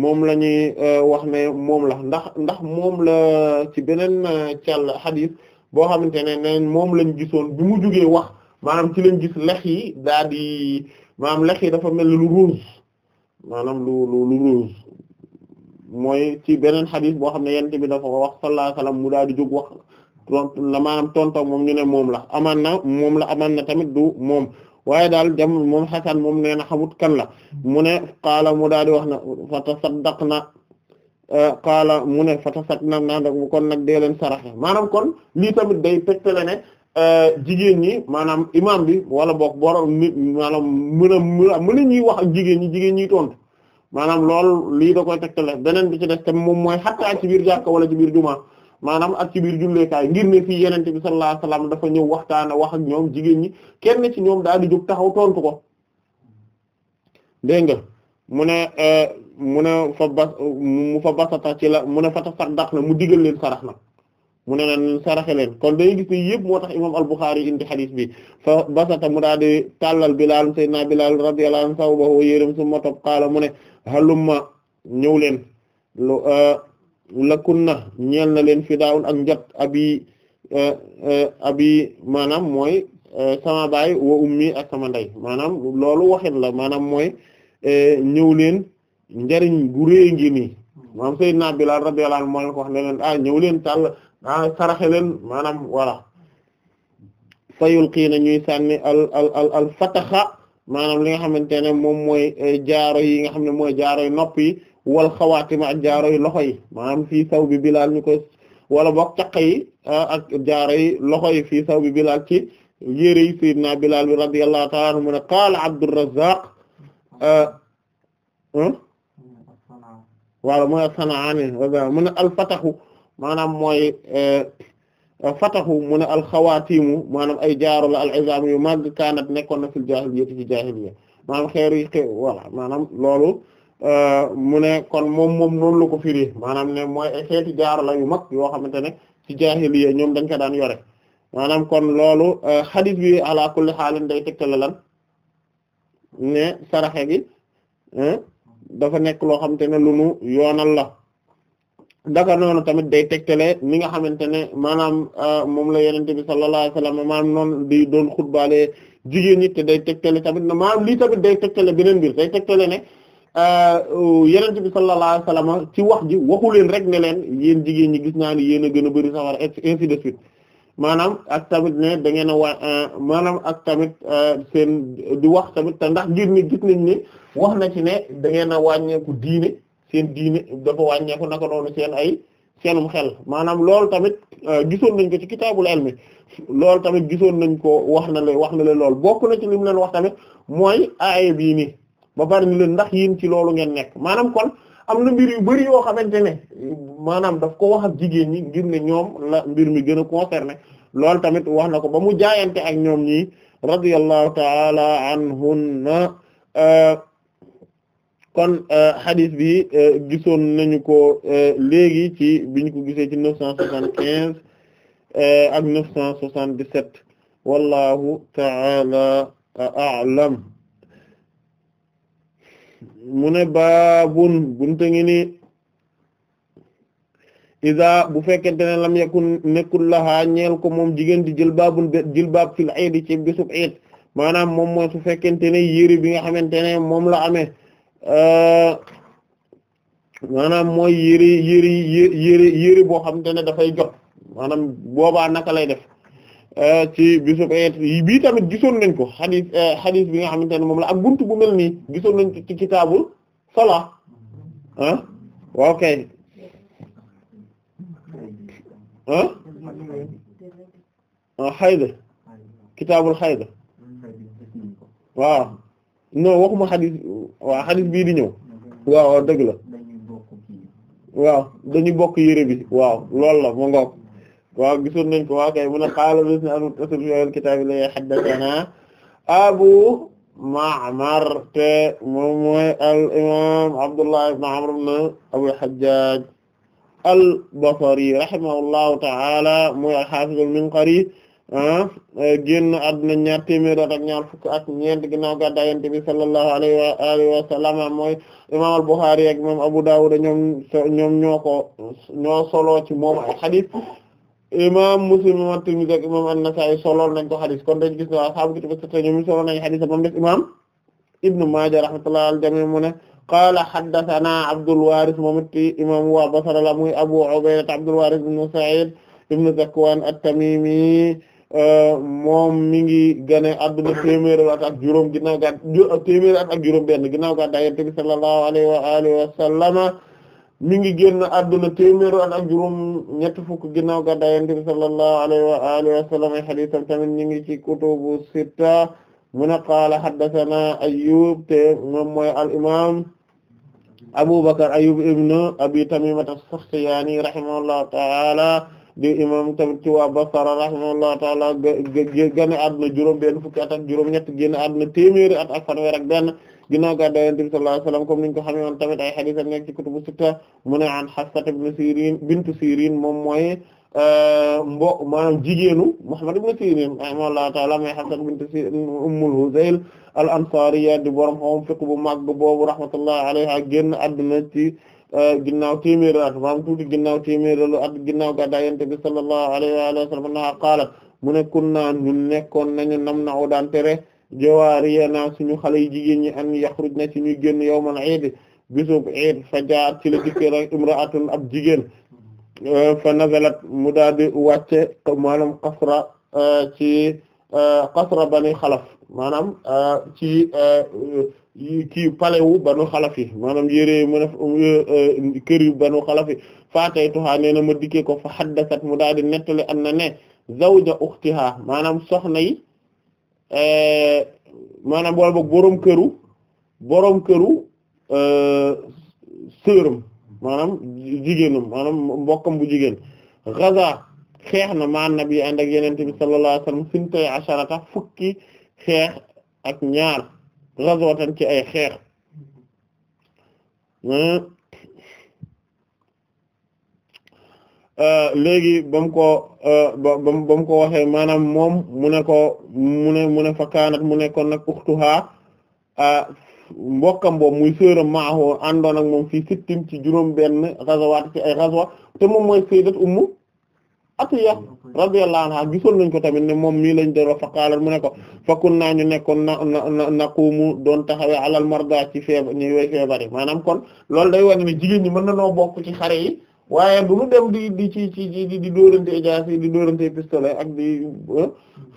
moom la ñuy wax ne moom la ndax ndax moom la ci beneen càll xadiis boo xamante ne neen moom lañ gisoon bi mu jugee wax maanaam ci lañ gis lex yi daa di maanaam yi dafa mel lu rose maanaam lu lu lu rose mooy ci beneen xadis boo xam ne yenn bi dafa ko wax sallallahu mu daa di jóg wax tontu la maanaam moom ñu ne moom la amaan na moom la amaan na tamit du moom waaye daal dem moom xasan moom nee a xamut kan la mu ne qaala mu daa di wax na fa tasaddaq na Euh, kaala mu ne fatasak nam naan dak kon nag dee leen saraxe maanaam kon lii tamit day tegtale ne euh, jigéen ñi maanaam imam bi wala boog boro nit maanaam mën a mën a ñuy wax ak jigéen ñi jigéen ñiy tontu maanaam lool lii da koy tegtale beneen bi ci des tamit moom mooy xattaa ci biir jàkka wala ci biir jumaa maanaam ak ci biir julleekaay ngir ne fii yenente bi sallallahu alayhi wasallam dafa ñëw waxtaana wax ñoom jigéen ñi kenn ci ñoom daal di jóg taxaw tontu ko dégg nga mu ne fa bas mu fa basata ci la mu ne fa tasaddaq na mu digal leen sarax na mu ne leen saraxe leen kon dañuy gis ne yëpp moo tax imaam al-Bukhari indi xadis bi fa basata mu daal di tàllal Bilaal sayyidina Bilaal radiyallahu anhu sawbahu yéram summa topp qaala mu ne halumma ñëw leen lu eh, lakun na ñeel na leen fi fidaa'un ak njot abi eh, eh, abi maanaam mooy sama baay wa ummi ak sama ndey maanaam loolu waxin la maanaam mooy ñëw leen njariñ bu rëy ni nii moom Seydina Bilaal radiyallahu anhu moo ko wax ne leen ah ñëw leen tàll ah saraxe leen maanaam voilà fa yulqii na ñuy sànni al al al fataxa maanaam li nga xamante ne moom mooy eh, jaaro yi nga xam ne mooy jaaro yi nopp yi wal xawaatima ak jaaro yi loxo yi maanaam fii saw bi Bilaal ñu koy wala boog caq yi ah, jaaro yi loxo yi fii saw bi Bilaal ci yére yi Seydina Bilaal bi radiyallahu ta'ala anhu mu ne qaala Abdurrazzaq ah, hmm? wala mooy as-San'aani mu ne al-fatahu maanaam mooy e, fatahu mu ne al-xawaatimu maanaam ay jaaro la al-izaam yu màgg kaanat nekkoon na fil jaahiliyyati ci jaahiliyya maanaam xeer yi xew wala maanaam loolu e, mu ne kon moom moom noonu firi maanaam ne mooy ay xeeti jaaro la yu mag yoo xamante ne ci jaahiliyya ñoom dañ ko daan yore maanaam kon loolu e, xadis bi ala kulli xaalin day tegtale lan ne saraxe gi. dafa nekk loo xamante ne lu nu yoonal la daka noonu tamit day tegtale mi nga xamante ne maanaam ah, moom la yenente bi sallallahu alayhi wasallam maanaam noonu di doon xutbaale jigéen ñi te day tegtale tamit ne maanaam lii tamit day tegtale beneen mbir day tegtale ne ah, yenente bi sallallahu alayhi wasallam ci wax ji waxu leen rek ne leen yéen jigéen ñi gis naa ni yéen a gën a bari sawar et ainsi de suite maanaam ak tamit ne da ngeen a wa euh, maanaam ak tamit euh, seen di wax tamit te ndax ngir ni gis nañ ni wax na ci ne da ngeen a wàññeeku diine seen diine dafa wàññeeku naka noonu seen ay seenum xel maanaam loolu tamit euh, gisoon nañ ko ci kitaabul mi lool tamit gisoon nañ ko wax na le wax na le lool bokk na ci li mu leen wax tamit mooy aaya bii nii ba bari ni leen ndax yéen ci loolu ngeen nekk maanaam kon am na mbir yu bari yoo xamante ne maanaam daf ko wax ak jigéen ñi ngir ne ñoom mbir mi gën a concerné loolu tamit wax na ko ba mu jaayante ak ñoom ñi radiyallahu ta'ala anhunna euh, kon euh, hadith bi euh, gisoon nañu ko léegi ci biñ ñu gisee ci neuf ak neuf cent soixante dix wallahu ta'ala a'lam mu ne baabun bunte ngi ni isa bu fekkente ne lam yakun nekkul laxaa ñeel ko moom jigéen di jilbaabun jilbaab fil iid ci bisub iid maanaam moom mooy su fekkente ne yére bi nga xamante ne moom la amee maanaam mooy yére yére yére boo xamante ne dafay jot maanaam boobaa naka lay def Euh, ci bisub eet bii tamit gisoon nañ ko xadis xadis euh, bi nga xamante ne moom la ak buntu bu mel nii gisoon nañ ko ci kitaabul salaa ah waaw kay ah ah xayda kitaabul xayda waaw non waxuma xadis waaw xadis bii di ñëw waaw dëgg la waaw dañu bokk yére bi waaw loolu la ma ngoog waaw gisoon nañ ko waa kay mu ne qaala bis ne anu tasir yool kitaab la haddathana abu ma'mar te moom mooy al imam abdullah ibn amr ibn abu hajjaj al basri rahimahullahu ta'ala mooy al hafiz al minqari ah, génn àdduna ñaar téeméer ak ñaar fukk ak ñeent ginnaaw gàddaay Yonent bi sallallahu alayhi wa alihi wa sallama mooy imam al bukhari ak imam abu dawud ñoom ñoom ñoo ko ñoo solo ci moom ay hadith imam Muslim imam Tirmidhi ak imam An-Nasa'i soloon nañ ko xadis kon dañ gis ne ashaabu kutubu sitta ñoom soloon nañ xadis moom def imam Ibn Maaja rahmatullahi al jami' mu ne qaala haddathana Abdul Waaris moom itti imam waa Basra la muy Abu Ubayda Abdul Waaris ibn Sa'id ibn Zakwan at-Tamimi moom mi ngi gane adduna téeméeri at ak juróom ginnaaw gàd téeméeri at ak juróom benn ginnaaw gàddaay Yonent bi sallallahu alayhi wa alihi wa mi ngi génn adduna téeméer ak juróom ñetti fukk ginnaaw gàddaay ñu ngi ci kutubu sitta mu ne qaala haddathana Ayyub te moom mooy al imaam ci waa Basra rahimahullahu ta'ala gane adduna juróom benn fukki at ak juróom ñett génn adduna téeméeri at ak ak benn ginnaw gàddaay Yonent bi sallallahu alayhi wasallam comme ko xamee woon tamit ay hadith am nekk ci kutubu sitta mu ne an Hafsa bintu Sirin moom mooy euh, mbo maanaam jigéenu Muhammad ibn Sirin rahimahullahu ta'ala mooy Hafsa bintu Sirin ummul Huzayl al ansariya borom xam fiqh bu mag boobu rahmatullahi alayha génn àdduna ci euh, ginnaaw téeméeri at maanaam tuuti ginnaaw téeméeri at ginnaaw gàddaay Yonent bi sallallahu alayhi wa sallam qaalat mu ne kunna ñun nekkoon nañu nam na daan tere jawaariyanaa suñu xale yu jigéen ñi an yaxrujna ci ñuy génn yawmal iid bisub iid fa jaar ci la dikkee rek imra'atun ab jigéen euh, fa nazalat mu daal di wàcce maanaam qasra euh, ci euh, qasra bani xalaf maanaam ci kii palewu banu xalaf yi maanaam yére mu yu banu xalaf yi faataytuhaa nee na ma dikkee ko fa xaddasat mu daal di nettali am na ne zawja uxtihaa maanaam soxna yi Eh, maanaam wala boog boroom këru boroom këru eh, sëram maanaam jigéenam maanaam mbokkam bu jigéen gaza xeex na ma nabi ànd ak yenente bi sallallahu alayhi wasallam sintay asharata fukki xeex ak ñaar gazwatan ci ay xeex eh, Euh, léegi euh, ba ko ba mu ko waxee maanaam moom mu ne ko mu ne mu ne fa kaanat mu nekkoon nag uxtuha mbokkam boobu muy sëram maaxoo àndoon ak moom fii sittim ci juróom benn gazawaat ci ay gazwa te moom mooy sayyidat ummu Atiya radiyallahu anha gisoon nañ ko tamit ne moom mii lañ doon wax fa qaalat mu ne ko fakkun naa ñu nekkoon na na naqumu doon taxawee alal marda ci feebar ñi way feebari maanaam kon loolu day wane ne jigéen ñi mën na noo bokk ci xare yi waaye du ñu dem di ci ci di di dóorante jaas yi di dóorante pistolet ak di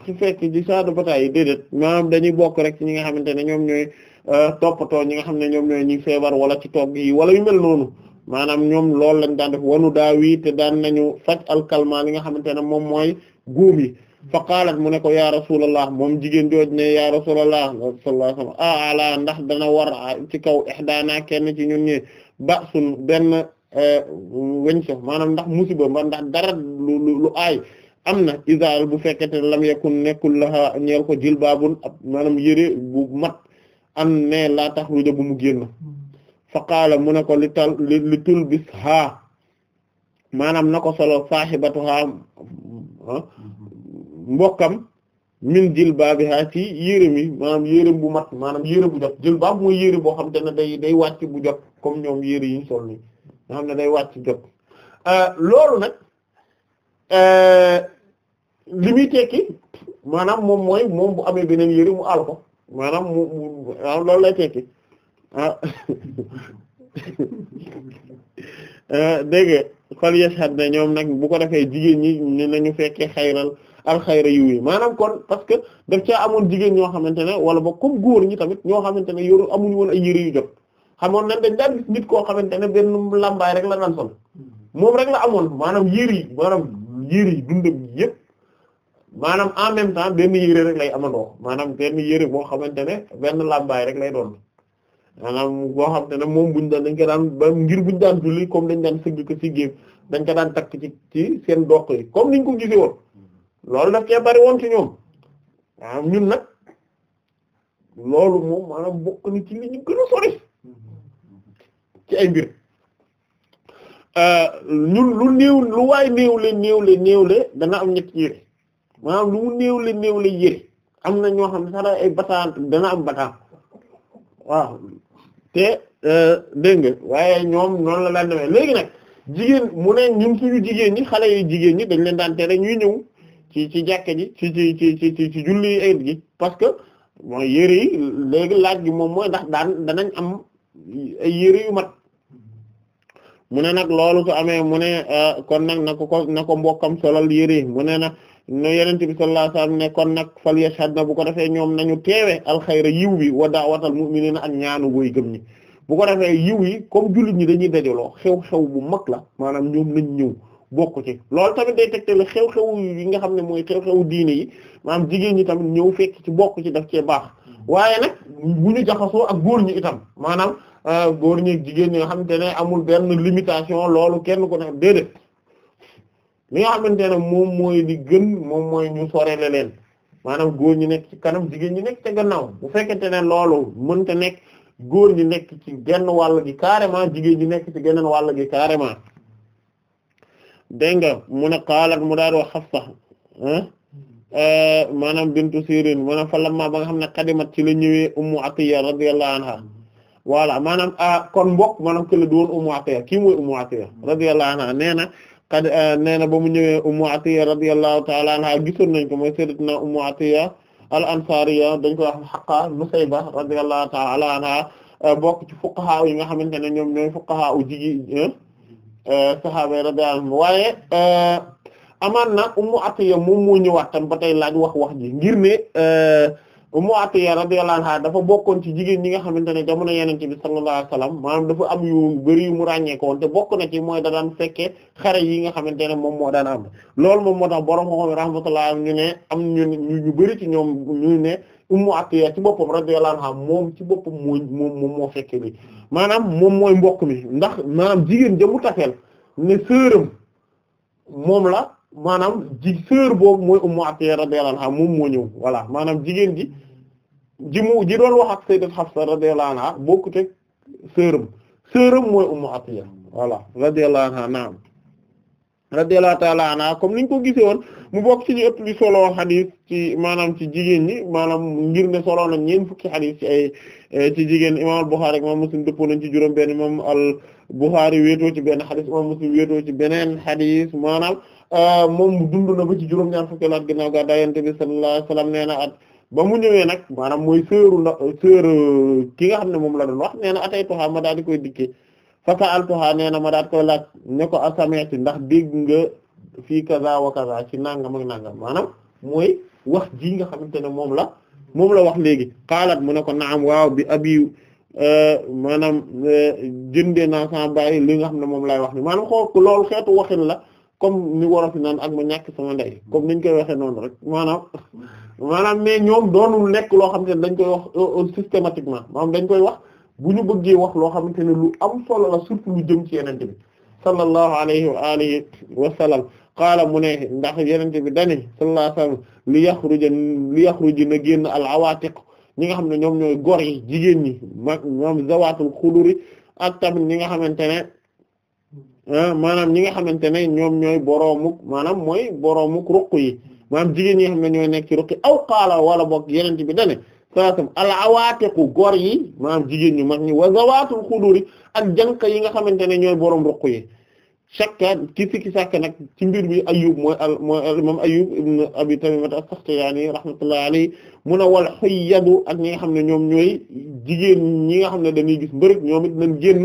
si eh, fekk di champ de yi déedéet maanaam dañuy bokk rek ci ñi nga xamante ne ñoom ñooy eh, toppatoo ñi nga xam ne ñoom ñooy ñi feebar wala ci toog yi wala yu mel noonu maanaam ñoom loolu lañ daan def wanu daawi te daan nañu faj alkalma li nga xamante ne moom mooy góom yi fa qaalat mu ne ko ya rasulallah moom jigéen jooj ne ya rasulallah sallallahu alayhi wasallam a ala ndax dana war ci kaw ihdaana kenn ci ñun ba sun benn weñ so maanaam ndax musiba ba ndax dara lu lu aay am na isaal bu fekkete lam yakun nekkul laxa ñeel ko jilbaabun ab maanaam yëre bu mat am ne laa tax taxruja bu mu génn fa qaala mu ne ko li tal li tulbis haa maanaam na ko solo saahibatu haa ah, mbokkam min jilbaabihaa ci yére mi maanaam yére bu mat maanaam yére bu jot jilbaab mooy yére boo xam te ne day day wàcc bu jot comme ñoom yére yiñ sol ni nga xam ne day wàcc jot euh, loolu nag euh, li muy tekki maanaam moom mooy moom bu amee beneen yëre mu àll ko maanaam mu mu loolu lay tekki ah euh, dégg nga fal yashad ne ñoom nag bu ko defee jigéen ñi ne ñu fekkee xayral alxayra yiw maanaam kon parce que daf caa amoon jigéen ñoo xamante ne wala ba comme góor ñi tamit ñoo xamante ne amuñu woon ay yëre yu jot xamoon nañ dañ daan nit koo xamante ne benn lambaay rek la daan sol moom rek la amoon maanaam yére yi maanaam yére yi dundam yëpp maanaam en même benn yére rek lay amandoo maanaam benn yére boo xamante ne benn lambaay rek lay doon maanaam boo xamante ne moom buñ daan dañ ko daan ba ngir buñ daan julli comme dañ daan sëgg ko si géej dañ ko daan takk ci ci seen doq yi comme niñ ko gisee woon loolu daf cee bari woon ci ñoom ñun nag loolu moom maanaam bokk na ci li ñu gën a sori. ci ay mbir euh, ñun lu néew lu waay néewle néewle néewle dana am ñetti yére maanaam lu mu néewle néewle yére am na ñoo xam ne sax ay bataan dana am bataan waaw te euh, dégg nga waaye ñoom noonu la daan demee léegi nag jigéen mu ne ñun suñu jigéen ñi xale yu jigéen ñi dañ leen daan tere ñuy ñëw ci ci jàkka ji ci julli ayit gi parce que mooy yére yi léegi laaj gi moom mooy ndax daan danañ am ay yére mat mu ne nag loolu su amee mu ne ah, kon nag na ko ko na ko mbokkam solal yëre mu ne nag no yenent bi sallallahu alayhi wasallam ne kon nag fal yashhad na bu ko defee ñoom nañu teewe alxayra yiw bi wa da'watal mu'minina ak ñaanu woy gëm ñi bu ko defee yiw yi comme jullit ñi dañuy daje dajaloo xew-xew bu mag la maanaam ñoom nañ ñëw bokk ci loolu tamit day tegtale xew-xew yi nga xam ne mooy xew-xewu diine yi maanaam jigéen ñi tamit ñëw fekk ci bokk ci daf cee baax mm-hmm. waaye nag bu ñu góor ñi itam maanaam Euh, góor ñi jigéen ñi nga xamante ne amul genn limitation loolu kenn ku nekk déedéet li nga xamante ne mu mooy li gën moom mooy ñu sorele leen maanaam góor ñi nekk ci kanam jigéen ñi nekk ca gannaaw bu fekkente ne loolu mënta nekk góor ñi nekk ci genn wàll gi carrément jigéen ñi nekk ci geneen wàll gi carrément dégg nga mu ne xaalat mu daal wax Hafsa euh, maanaam bintu Sirin maanaam fa lamma ba nga xam ne mat ci la ñëwee Ummu Atiyya radiyallahu anha voilà maanaam ah, kon mbokk maanaam que la doon Ummu Atiya kii mooy Atiya hmm. radiyallahu anha nee na kad eh, nee na ba mu ñëwee Ummu Atiya radiyallahu ta'ala anha gisoon nañ ko mooy sayyidatuna Ummu Atiya al dañ ko wax xaqa Nusayba radiyallahu ta'ala anha eh, bokk ci fuqaha yi nga xamante ne ñoom ñooy fuqaha u jigi eh, sahaaba radiyallahu waaye amaan na Atiya moom moo ñëwaat tam ba tey laaj wax wax ji ngir Ummu Atiyya radiyallahu anha dafa bokkoon ci jigéen ñi nga xamante ne jamono Yonent bi sallallahu alayhi wasallam maanaam dafa am yu bari yu mu ràññeeko te bokk na ci mooy da daan fekkee xare yi nga xamante ne moom moo daan am loolu moom moo tax borom xam-xam rahmatullah ñu ne am ñu ñu bari ci ñoom ñu ne Ummu Atiyya ci boppam radiyallahu anha moom ci boppam moo moom moom moo fekkee bi maanaam moom mooy mbokk mi ndax maanaam jigéen jamu taseel ne sërëm moom la maanaam ji sœur boobu mooy Ummu Atiyya radiyallahu anha moom moo ñëw voilà maanaam jigéen ji ji mu ji doon wax ak sayyidat Hafsa radiyallahu anha bokkute sœuram sœuram mooy Ummu Atiyya voilà radiyallahu naam radiyallahu ta'ala anha comme ko gisee mu bokk ci ñu ëpp li solo xadis ci maanaam ci jigéen ñi maanaam ngir ne solo na ñeen fukki xadis ci ay eh, ci jigéen imam al-Bukhari ak imam Muslim ci juróom benn imam al-Bukhari wéetoo ci benn xadis imam beneen xadis maanaam Euh, moom dund na ba ci juróom-ñaar fukki at ginnaaw ga dayante bi sallallahu alayhi wasallam nee na at ba mu ñëwee nag maanaam mooy sœuru nda euh, ki nga xam ne moom la doon wax nee na atay tuxaa ma daal di koy dikkee fasa al tuxaa na ma daal di koy ne ko asameeti ndax dégg nga fii kaza wa ci nangam ak nangam maanaam mooy wax ji nga xamante ne moom la moom la wax léegi xaalaat mu ne ko naam waaw bi abi euh, maanaam jëndee naa sama bàyyi li nga xam ne moom lay wax ni maanaam xool lool xeetu waxin la comme ni wolof yi naan ak ma ñàkk sama kom comme niñ koy waxee noonu rek maanaam maanaam mais ñoom doonul lekk loo xamante ne dañ koy wax euh, euh, systématiquement maanaam dañ koy wax bu ñu bëggee wax loo xamante ne lu am solo la surtout lu jëm ci yenente bi sallallahu alayhi wa alihi wa sallam qaala mu ne ndax yenente bi dane sallallahu alayhi wa sallam li yaxruja li yaxruji na génn al awaatiq ñi nga xam ne ñoom ñooy gor yi jigéen ñi mag ñoom zawaatul xuduri ak tamit ñi nga xamante ne Ah, maanaam ñi nga xamante ne ñoom ñooy boroomuk maanaam mooy boroomuk ruq yi maanaam jigéen ñi nga xam ñooy nekk ci ruq yi aw qaala wala boog yeneen bi dane salaasam al awaatiqu góor yi maanaam jigéen ñu mag ñi wa zawaatul xuduri ak jànk yi nga xamante ne ñooy boroom ruq yi shakka ki sikki sàkk nag ci mbir bi ayub mooy al mooy ayub ibn abi tamimata as-saxtiyaani rahmatullahi alayhi mu ne wal xëyyadu ak ñi nga xam ne ñoom ñooy jigéen ñi nga xam ne dañuy gis mbërëg ñoom it nañ génn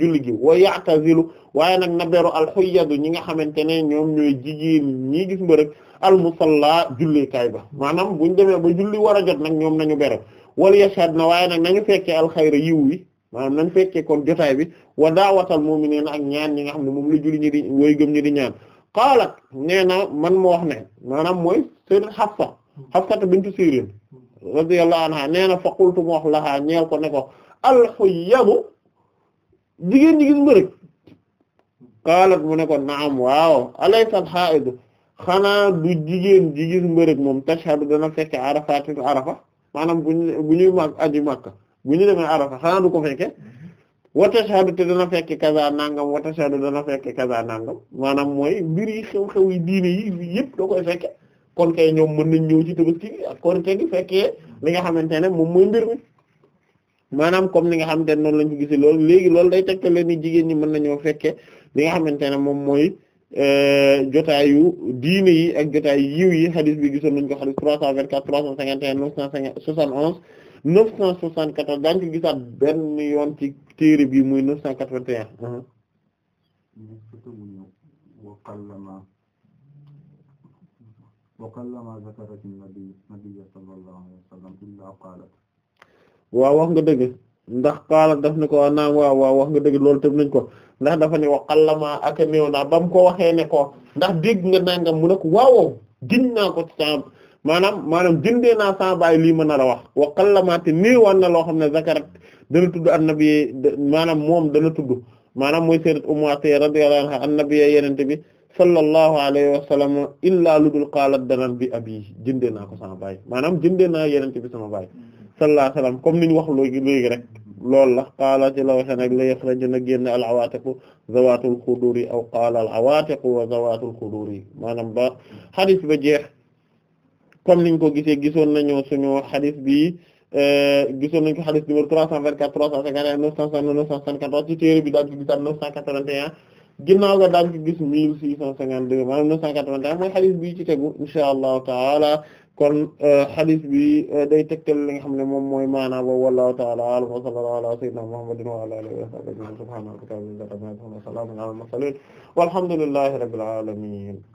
julli gi wa ya'tazilu waaye nag na beru al xëyyadu ñi nga xamante ne ñoom ñooy jigéen ñi gis mbërëg al musalla jullikaay ba maanaam buñ demee ba julli war a jot nag ñoom nañu bere wal yashad na waaye nag nañu fekkee alxayra yiw wi maanaam nañ fekkee kon jotaay bi wa daawatal mu'miniina ak ñaan ñi nga xam ne moom la julli ñi di gëm ñi di ñaan qaalat nee na man moo wax ne maanaam mooy seen Hafsa Hafsatu bintu Sirin radiyallahu anha nee na fa qultu mu wax ñeel ko ne ko alxuyabu jigéen ñi gis mbërëg qaalat mu ne ko naam waaw alaysat xaaidu xanaa du jigéen ji mbërëg moom tashhadu dana fekke arafatin arafa maanaam bu ñuy mag aji Makka bu ñu demee arafa xanaa du ko fekke wa tashhadu te dana fekke kaza nangam wa tashhadu dana fekke kaza nangam maanaam mooy mbir xew-xew yi diine yi yëpp da koy fekke kon kay ñoom mën nañ ñëw ci tabaski gi ak korite gi fekkee li nga xamante ne moom mooy mbir mi maanaam comme ni nga xamante ne noonu lañ ko gisee loolu léegi loolu day tegtale ni jigéen ñi mën nañoo fekkee li nga xamante ne moom mooy jotaayu diine yi ak jotaayu yiw yi hadith bi gisoon nañ ko hadith 324 351 971 974 daañu ko gisaat benn yoon ci téere bi muy 981. wa kallama zakarat an-nabi nabiyya sallallahu wa wax nga dëgg ndax qaalat daf ne ko waaw naam waaw waaw wax nga dëgg loolu tëb nañ ko ndax dafa ne wax kallama ak néew naa ba ko waxee ne ko ndax dégg nga nangam mu ne ko waaw giñ naa ko ci maanaam maanaam jëndee naa sama baay lii ma nar a wax wa kallama te néewaan na loo xam ne zakarat dana tudd annabi maanaam moom dana tudd maanaam mooy sayyidat Ummu Atiyya radiyallahu anha annabi yenente bi sallallahu alayhi wa sallam illaa lu dul xaalat danaan bi ab yi jëndee naa ko sama baay maanaam jëndee naa yenente bi sama baay sallallahu alayhi wa sallam comme ni ñu wax léegi léegi rek loolu la xaala ci la waxee nag la yaxraju na génn al awaatiqu zawaatul xuduri aw qaala al awaatiqu wa zawaatul xuduri maanaam ba xadis ba jeex comme niñ ko gisee gisoon nañu suñu xadis bi euh, gisoon nañ ko xadis numéro 324 359 959 954 ci téere bi daal di gisaat 981 ginnaaw ga daan ci gis mille six cent cinquante deux maanaam neuf cent quatre-vingt-un mooy xadis bi ci tegu insha allahu taala kon euh, xadis bi euh, day tegtal li nga xam ne moom mooy maanaam boobu wallahu taala alam wa sallallahu ala sayyidina muhammadin wa ala alihi wa sahbihi subhanahu wa ta'ala wa salaamun ala mursalin walhamdulillahi rabbil